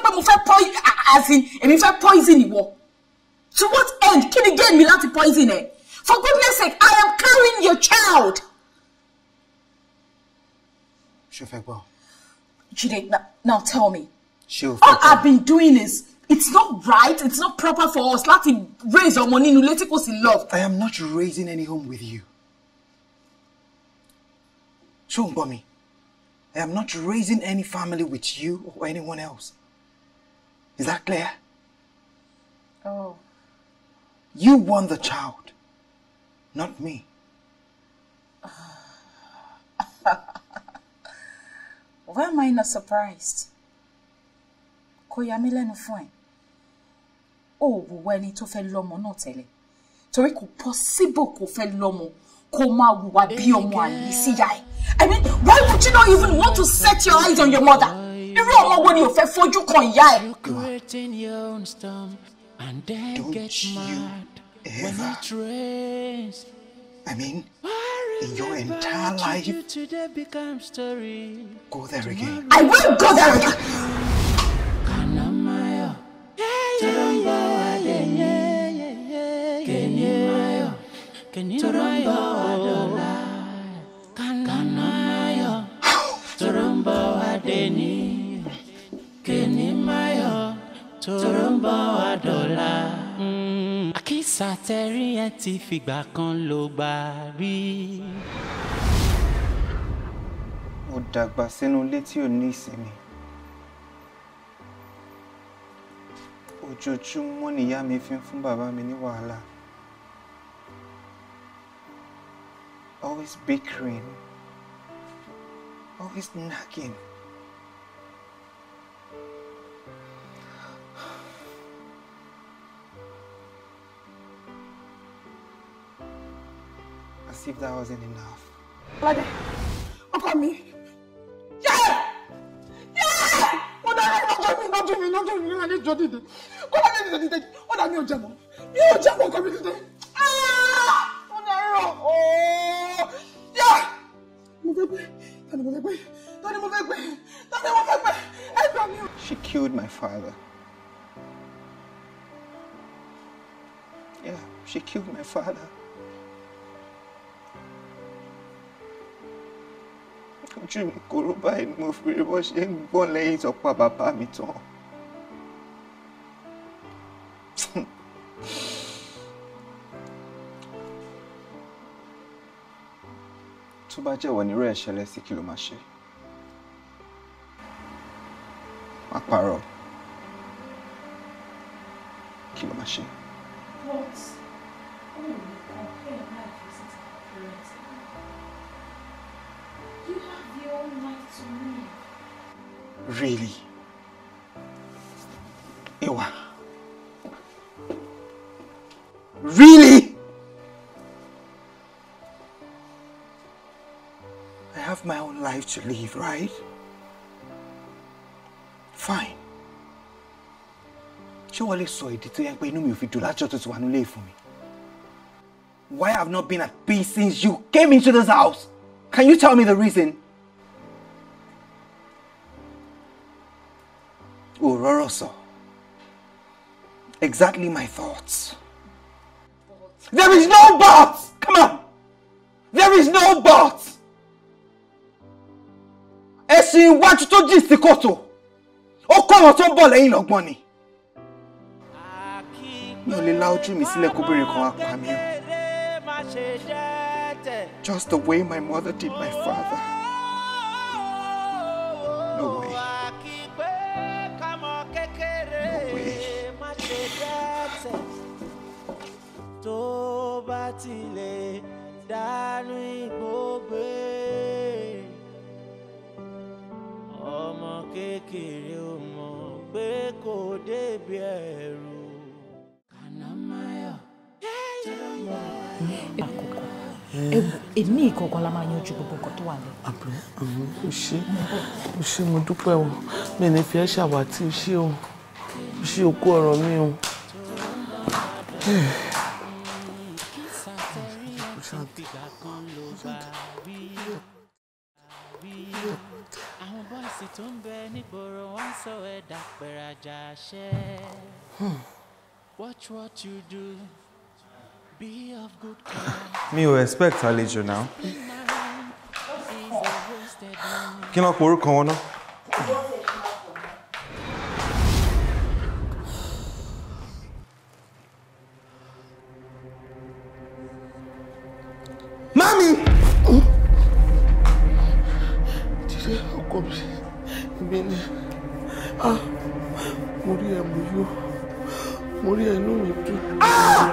pé mo fẹ́ poison as in èmi fẹ́ poison ìwọ to what end kí ni gain mi láti poison ẹ for goodness sake I am carrying your child. ṣé o fẹ́ gbọ́. Jide, now, tell me. Sure, All tell I've been doing is, it's not right, it's not proper for us láti raise our money nínú ilé tí kò sí love. I am not raising any home with you. Ṣé o ń I am not raising any family with you or anyone else. Is that clear? Oh. You want the child, not me. Why am I not surprised? Koyamile no mí Oh, when ẹ. Ó wùwọ́ ẹni tó fẹ́ lọ́mọ náà possible kò fẹ́ lọ́mọ kó máa wùwà bí ọmọ àlè síyá ẹ̀. I mean, why would you not even want to set your eyes on your mother? irú ọmọ wo ni o fẹ́ fojú kan ìyá ẹ̀. don't you ever I mean in your entire life go there again. I will go there again. tóró ń bọ̀ wá dọ̀la. Mm. àkísà tẹ́rí ẹ ti fìgbà kan ló gbà rí. mo dàgbà sínú ilé tí ò ní ìsinmi. ojoojúmọ́ nìyá mi fi ń fún bàbá mi ní wàhálà. always bickering always nagging. if that wasn't enough. Alade, ọkọ mi. Yẹ́ẹ̀! Yẹ́ẹ̀! Ó dára ìdájọ́ mi, ìdájọ́ mi, ìdájọ́ mi, ìdájọ́ mi, ìjọ dìde. Kó bá dé dìde dìde, ó dà mí ò jẹ̀mọ́. Mi ò jẹ̀mọ́ ọkọ mi dìde. Ó dára ooo. Yẹ́ẹ̀! Mo fẹ́ gbé, tani mo fẹ́ gbé, tani mo fẹ́ gbé, tani mo fẹ́ gbé, ẹ̀dọ̀ mi. She killed my father. Yeah, she killed my father. ojú mi kúrú báyìí ni mo fi rí bó ṣe ń gbọ́n lẹ́yìn ìtọ́pá bàbá mi tán. tó bá jẹ́wọ́ nírú ẹ̀ ṣẹlẹ̀ sí kí ló máa ṣe. life to live, right? Fine. Ṣé wọ́n lè sọ ìdí tó yẹ pé inú mi ò fi dùn láti ọ̀tún tí wà nílé fún mi? Why I have not been at peace since you came into this house? Can you tell me the reason? Òróró sọ. Exactly my thoughts. There is no but! ẹṣin iwájú tó jìn sí kòtò ó kọ́ àwọn tó ń bọ̀ lẹ́yìn lọ́gbọ́n ni mi ò lè la ojú mi sílẹ̀ kó bèrè kan apá mi o just the way my mother did my father no way tó bá tilẹ̀ dánú ìgbó gbé. kiri ó mọ̀ pé kò débi ẹ̀rù. kànámáyọ̀ jẹ́wọ́. àkókò èmi ìkọ̀ọ̀kan la máa yanjú gbogbo nǹkan tó wà lẹ. àbúrò o ṣé o ṣé mo dúpẹ́ o mi ní fi ẹ́ ṣàwátì o ṣé o o ṣé o kú ọ̀rọ̀ mi o. soweda hmm. watch what you do be of good care. mi ò expect àlejò náà. kí ló ń pe orúkọ wọn náà. Mami! Dìde ọkọ mi, èmi Ah, mo rí ẹ mo yó mo rí ẹ inú mi dùn. Ah!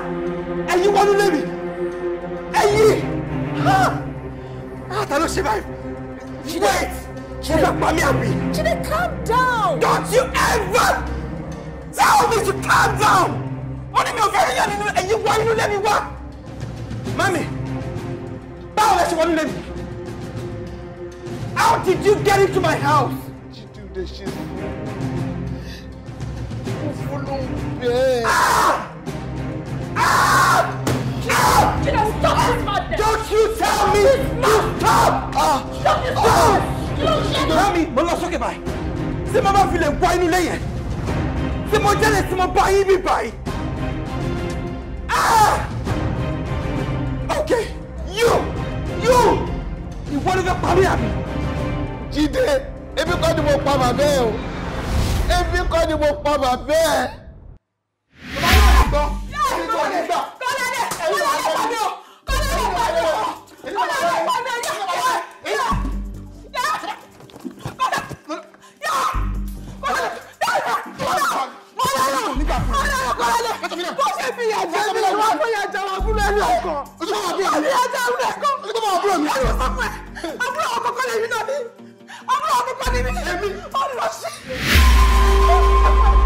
ẹ̀yin wọnú lémi ẹ̀yin ah! Ah, ta ló ṣe báyìí. wait ṣe fẹ́ pa mí àbí. Jide calm down. don't you ever tell me to calm down. ó ní mi ò fẹ́ rí yàn nínú ẹ̀yin wọnú lémi wá. mami báwo lẹ ṣe wọnú lémi. How did you get into my house? She Jide, she's. Don't you tell me! You stop! Ah! Stop this! Oh! Ah. Mami, mo lọ sókè báyìí. Ṣé mo máa fi lè wá inú ilé yẹn? Ṣé mo jẹ́lẹ̀ sí mo bá yín bí báyìí? Ah! Okay, you! You! Ìwọ ló fẹ́ parí àmì. Jíde, ebi kọ́ ni mo pa bàbá ẹ o. Ebi kọ́ ni mo pa bàbá ẹ gbọ́ ṣé tó ní gbà. kọ́ládé kọ́ládé pàdé o kọ́ládé pàdé o kọ́ládé pàdé o yá yá yá yá kọ́ládé yá kọ́ládé yá kọ́ládé kọ́ládé bó ṣe fi yà jẹ́ mi wọ́n fún yà jẹ́ wọn fún lẹ́nu ọkọ̀ àbí yà jẹ́ wọn ẹ̀kọ́ àbúrò mi àbúrò ọkọ̀ kọ́lẹ̀ mi náà ni àbúrò ọkọ̀ kọ́lẹ̀ mi èmi ọ̀rọ̀ sí i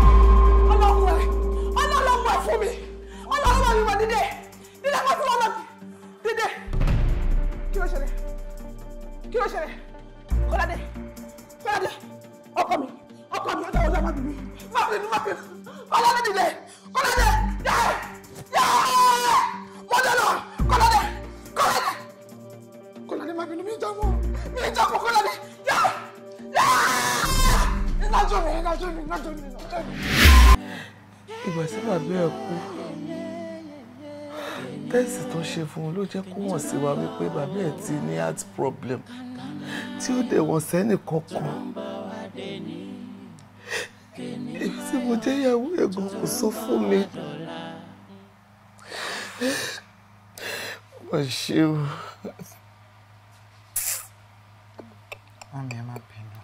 fún mi ọlọ́run bá mi wọ dídé dídé mo ti wọ́n lọ dídé kí ló ṣẹlẹ̀ kí ló ṣẹlẹ̀ kọ́ládé kọ́ládé ọkọ mi ọkọ mi ọjọ́ ọjọ́ má bì mí má bì mí má bì mí kọ́ládé dídé kọ́ládé yẹ yẹ mọ́jọ́ lọ kọ́ládé kọ́ládé kọ́ládé má bì mí mi ìjà mọ́ mi ìjà mọ́ kọ́ládé yẹ yẹ ìnájọ́ mi ìnájọ́ mi ìnájọ́ mi ìnájọ́ mi ìgbà tí bàbá ẹ̀ kú tẹ́sì tó ṣe fún un ló jẹ́ kó hàn sí wa wípé bàbá ẹ̀ ti ní heart problem tí ó dẹ̀ wọ̀n sẹ́nì kankan èmi tí mo jẹ́ ìyàwó ẹ̀gbọ́n kò sọ fún mi wọ́n ṣe o. wọ́n mi ẹ má bínú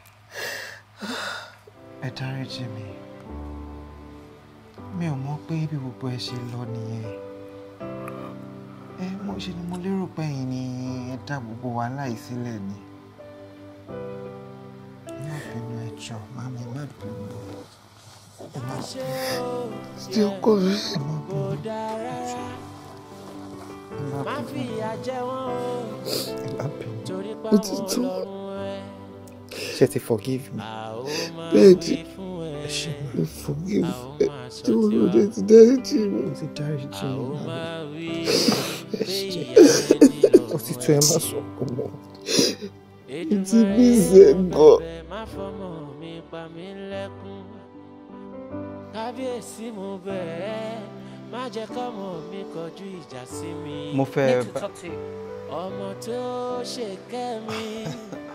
ẹ dáríjì mi mi ò mọ̀ pé bí gbogbo ẹ ṣe lọ nìyẹn ẹ mo ṣe ni mo lérò pé ẹ̀yin ni ẹ dá gbogbo wa láì sílẹ̀ ni má bínú ẹ jọ̀ọ́ màmí má bínú ẹ má tí ó kó mi ẹ má bínú ẹ má bínú ẹ má bínú ó ti tó ṣe ti forgive me bẹ́ẹ̀ni ẹ forgive me. tí mo lò dé It's dáríjì It's mo It's dáríjì mi ẹ ṣe ó ti tó ẹ má sọ mo fẹ́ bá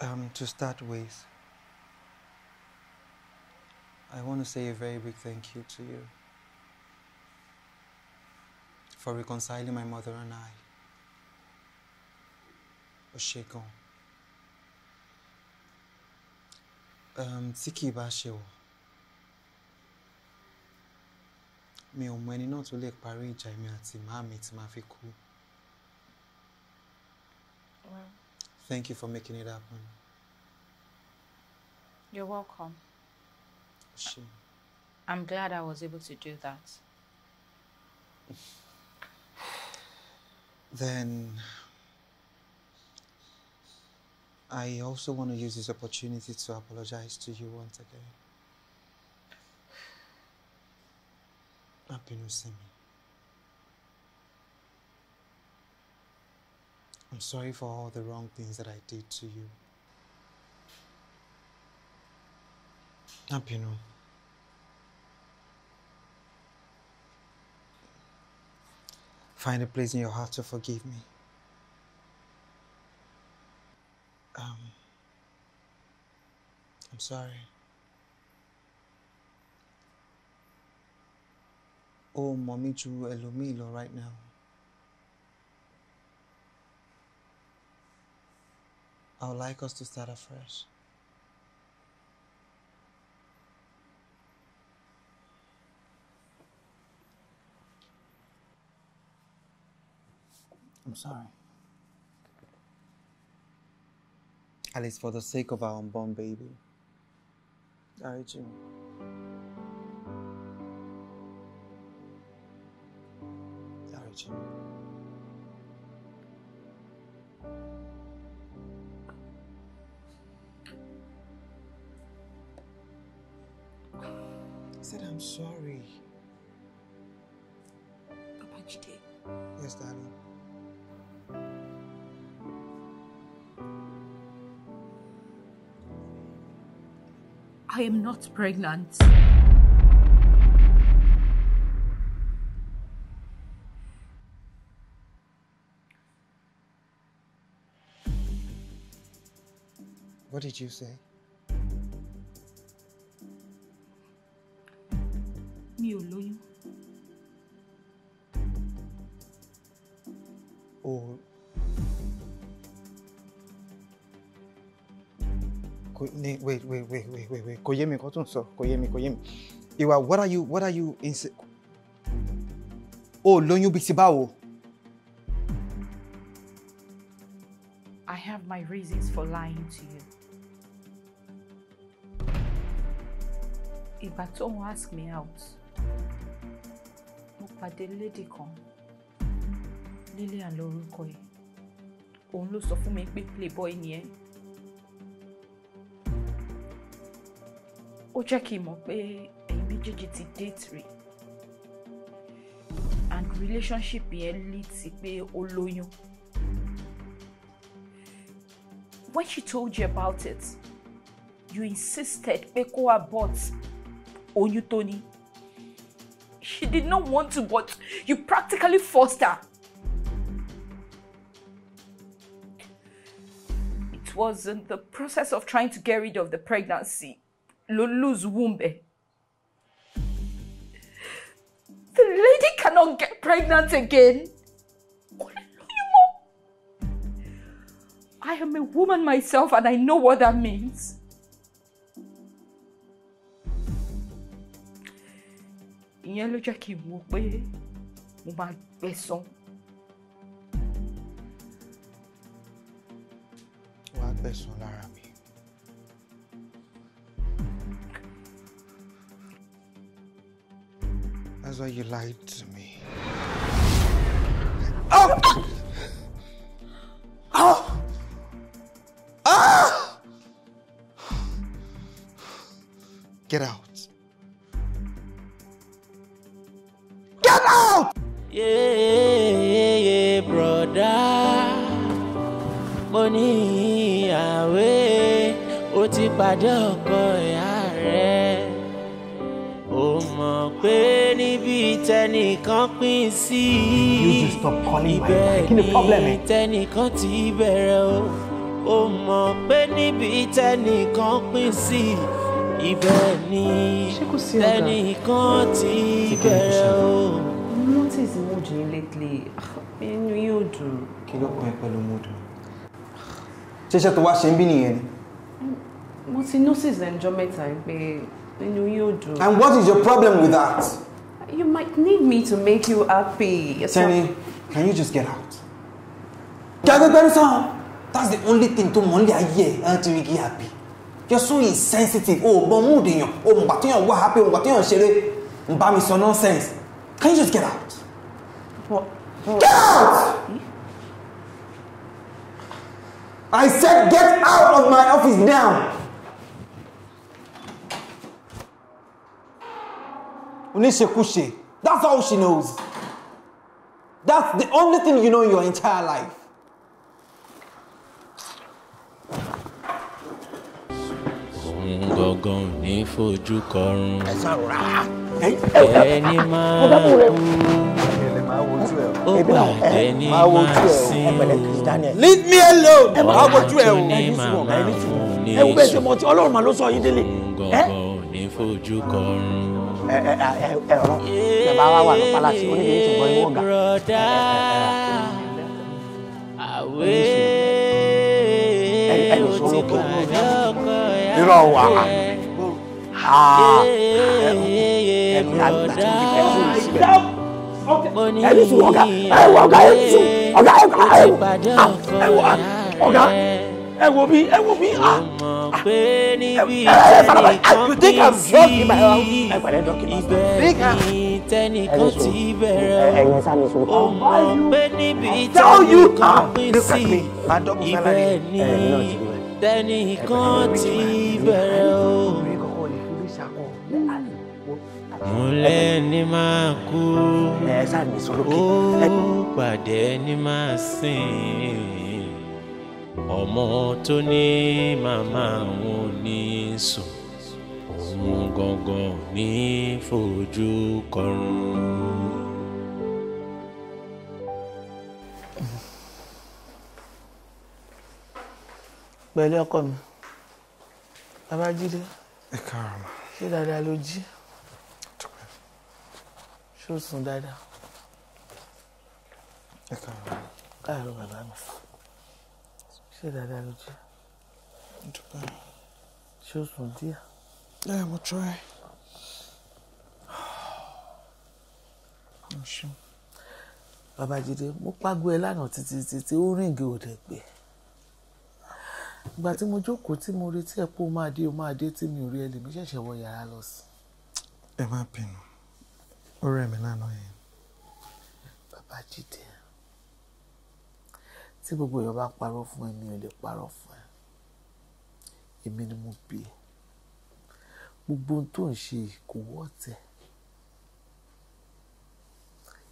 um, to start with, I want to say a very big thank you to you for reconciling my mother and I. Oshiko. Um, tiki kì í bá ṣe wọ̀ mi ò mọ ẹni náà tó lè parí àti tí fi kú. Wow. Thank you for making it happen. You're welcome. She... I'm glad I was able to do that. Then I also want to use this opportunity to apologize to you once again. Happy have been I'm sorry for all the wrong things that I did to you. Napino. Find a place in your heart to forgive me. Um, I'm sorry. Oh, mommy drew Elomilo right now. I would like us to start afresh. I'm sorry. At least for the sake of our unborn baby. I urge you. you. I said, I'm sorry. Papa Yes, darling. I am not pregnant. What did you say? ò lóyún. ní wait wait wait wait wait wait kò yé mi kò tún sọ kò yé mi kò yé mi ìwà what are you what are you inse o lóyún bíi ti báwo. I have my reasons for lying to you. ìgbà tó ń ask me out pàdé lédì kan Lillian lórúkọ ẹ̀ òun ló sọ fún mi pé playboy ni ẹ́ ó jẹ́ kí n mọ̀ pé ẹ̀yin méjèèjì ti date rè and relationship yẹn lead sí pé ó lóyún when she told you about it you insisted pé kó abort oyún tó ní. She did not want to, but you practically forced her. It was in the process of trying to get rid of the pregnancy, Lulu's womb. Eh? The lady cannot get pregnant again. I am a woman myself and I know what that means. That's why you lied to me. Oh! Oh! Ah! Get out. oníyàwó ó ti pàdé ọkọ ìyá rẹ̀ ó mọ̀ pé níbi tẹnìkan pín sí ibẹ̀ ni tẹnìkan ti bẹ̀rẹ̀ o ó mọ̀ pé níbi tẹnìkan pín sí ibẹ̀ ni tẹnìkan ti bẹ̀rẹ̀ o. notice mood yín lately ah, inú yóò dùn. kí ló pẹ́ pẹ̀lú mood mi ṣeṣẹ́ tó wá ṣe ń bí nìyẹn ni. mo ti notice ẹnjọ mẹ́ta pé inú yóò dùn. and what is your problem with that. you might need me to make you happy. tẹ́ni can you just get out. kí agbẹ́gbẹ́rún sàn that's the only thing to mọ̀ nílé ayé ẹ̀ ẹ̀ ti rí kí happy you're so insensitive o mọ mood èèyàn o mọ gbà téèyàn wá happy o mọ gbà téèyàn ṣeré n bá mi sọ nonsense can you just get out. get out. I said, get out of my office now. Unishekushe. That's all she knows. That's the only thing you know in your entire life. gangan ní fojú kọrùn ẹni máa ebi náà ẹ máa wojú ẹ o ẹgbẹ̀lẹ̀ Chris Daniel. leave me alone. ẹ máa wojú ẹ o ẹni sùn ẹni sùn ẹ wọ́n bẹ́ẹ̀ ṣe mọ ti ọlọ́run máa ló sọ yín délé. gọ́gọ́ ní fojú kọrùn. ẹ ẹ ẹ ẹ rọ ẹ bá wà wà ní palasi oníbi ètò ìgbọ́ ìwọ̀n ga. ẹ lè sọ lókè irọ́ wa ẹ̀mí àgbàdo ìfẹ́ fún ìsìnkú ẹni sùn ọ̀gá ẹ wọ ọ̀gá ẹ sùn ọ̀gá ẹ wọ ẹ wọ ọ̀gá ẹ wọ mi ẹ wọ mi ẹ ẹ sábà you think I'm drunk in my house ẹ pẹ̀lẹ́ dọkì ma think am ẹni sùn ẹyẹ sami sùn ọ̀gá yìí tell you ah look at me my dog is salary ẹ ẹ ní ọ̀jẹ̀ mi. tẹnìkan ti bẹ̀rẹ̀ o múlẹ̀ ni máa kú ó pàdé ní máa sìn ọmọ tó ní màmá òun ò ní sùn òun gangan ní fojú kọrùn. pẹ̀lú ọkọ mi babájídé ṣé dáadáa ló jí ṣé o sùn dáadáa. ẹ káàárọ̀. káàárọ̀ bàbá mi ṣé dáadáa ló jẹ́. dúpẹ́. ṣé o sùn díẹ̀. ẹ mo try. mo ṣeun. bàbá jídé mo pàgọ́ ẹ lánàá títí títí ó ríǹgì òde gbé ìgbà tí mo jókòó tí mo retí ẹ pé o máa dé o máa de tí mi ò rí ẹ lèmi ṣẹ̀ṣẹ̀ wọ yàrá lọ sí. ẹ má ọ̀rẹ́ mi lánàá yẹn bàbá jíde tí gbogbo èèyàn bá parọ́ fún ẹ mi ò lè parọ́ fún ẹ èmi ni mo bí ẹ gbogbo ohun tó ń ṣe kò wọ́ tẹ̀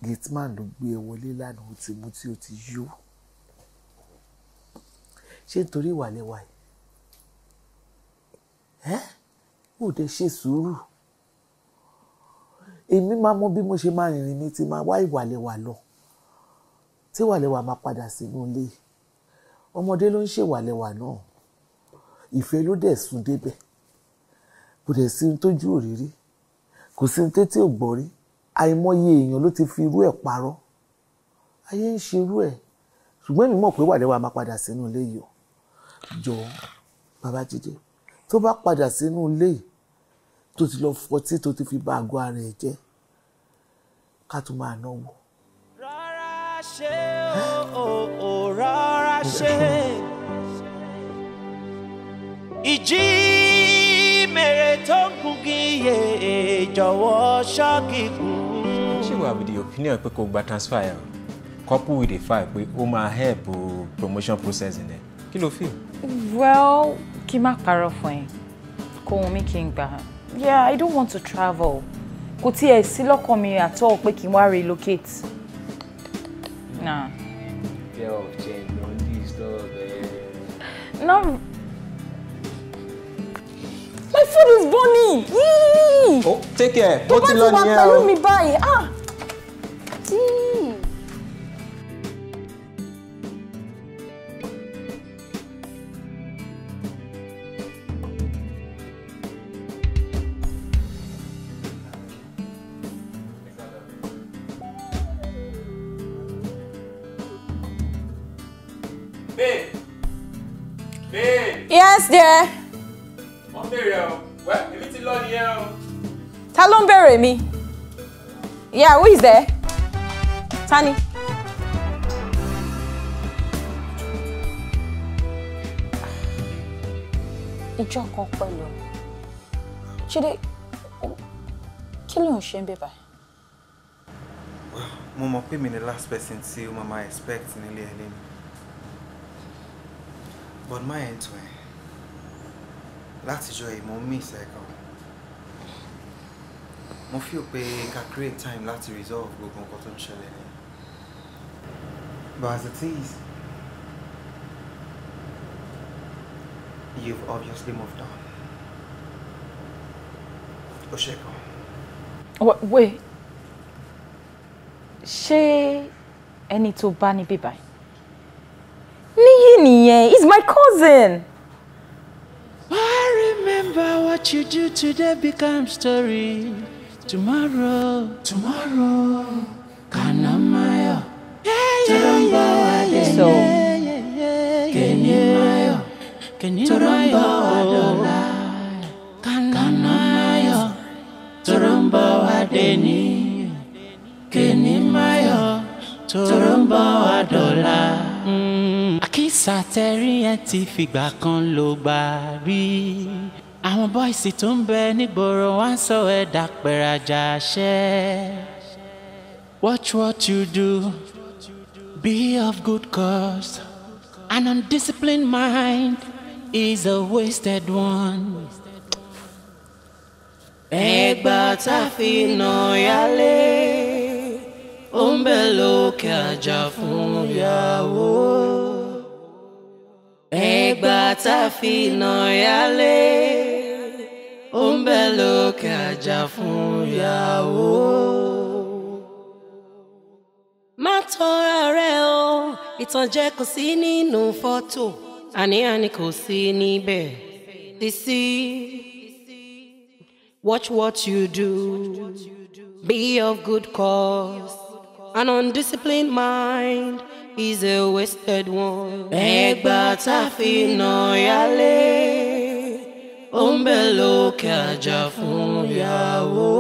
gateman ló gbé ẹ wọlé lánàá ó ti mú tí ó ti yó ṣé nítorí ìwà lẹ́wà ẹ ò dé ṣe sùúrù èmi máa mọ bí mo ṣe máa rìnrìn mi ti máa wá ìwàlẹ̀wà lọ tí wàlẹ̀wà máa padà sínú ilé ọmọdé ló ń ṣèwàlẹ̀wà náà ìfẹ́ ló dẹ̀ sùn débẹ̀ kò dẹ̀ sí ohun tójú òrírí kò sí ohun tétí ò gbọ́ rí àìmọye èèyàn ló ti fi irú ẹ̀ parọ́ ayé ń ṣe irú ẹ̀ ṣùgbọ́n èmi mọ̀ pé wàlẹ̀wà máa padà sínú ilé yìí o jọ̀ọ́ Babájídé tó bá padà sínú ilé yìí tó ti lọ fọtí tó ti fi ba àgọ́ ara ẹ̀ jẹ́ ká tún máa náwó. rárá ṣe o ò rárá ṣe ìjì mèrè tó ń gungi yè jọ̀wọ́ ṣọ́ọ̀kì kù. ṣé wàá with opinion pé kò gba transfer yẹn couple with the fact pé ó máa help promotion process yẹn kí ló feel. well kí má parọ́ fún ẹ kóhun mi kí n gbà yeah i don't want to travel kò tiẹ̀ sí lọ́kàn mi at all pé kí n wá relocate. Nah. Fear no My phone is burning. Oh, take care. Tó bá ti wà pẹ̀lú mi báyìí, ah! ìbéèrè yeah who is there tani. ìjọ kan pẹ̀lú Jídé kí ló ń ṣe ń bèbà. mo mọ̀ pé mi ni last person tí o máa expect nílé ẹ lẹ́nu but my end to end látijọ́ ìmọ̀ mi ìṣẹ́gun mo fi pé ká create time láti resolve gbogbo nǹkan tó ń ṣẹlẹ̀ ni but as it is you've obviously moved on o ṣe kan. wait ṣé ẹni tó bá níbí báyìí níyì nìyẹn he's my cousin. I remember what you do today becomes story. Tomorrow, tomorrow, Kanamayo. Torombawa so. Kenimayo. Torombawa dola. Kanamayo. Torombawa ẹ ti fìgbà kan ló gbà rí àwọn bọ́ìsì tó ń bẹ nígboro wá ń sọ ẹ̀ dàpẹ̀rajà ṣẹ́. Watch what you do, be of good cause. An undisciplined mind is a wasted one. Ẹgbà tá a fi nà yálé, ó ń bẹ lókè àjà fún ìyàwó. Ẹgbà tá a fi nà yálé ó ń bẹ lókè àjà fún ìyàwó. má tọra rẹ o ìtànjẹ kò sí nínú fọ́tò àní-àní kò sí níbẹ̀ Sisi. Watch what you do. Be of good cause. An undisciplined mind is a wasted one. Ẹgbàá tá a fi nà yálé. ó ń bẹ lókè àjà fún ìyàwó.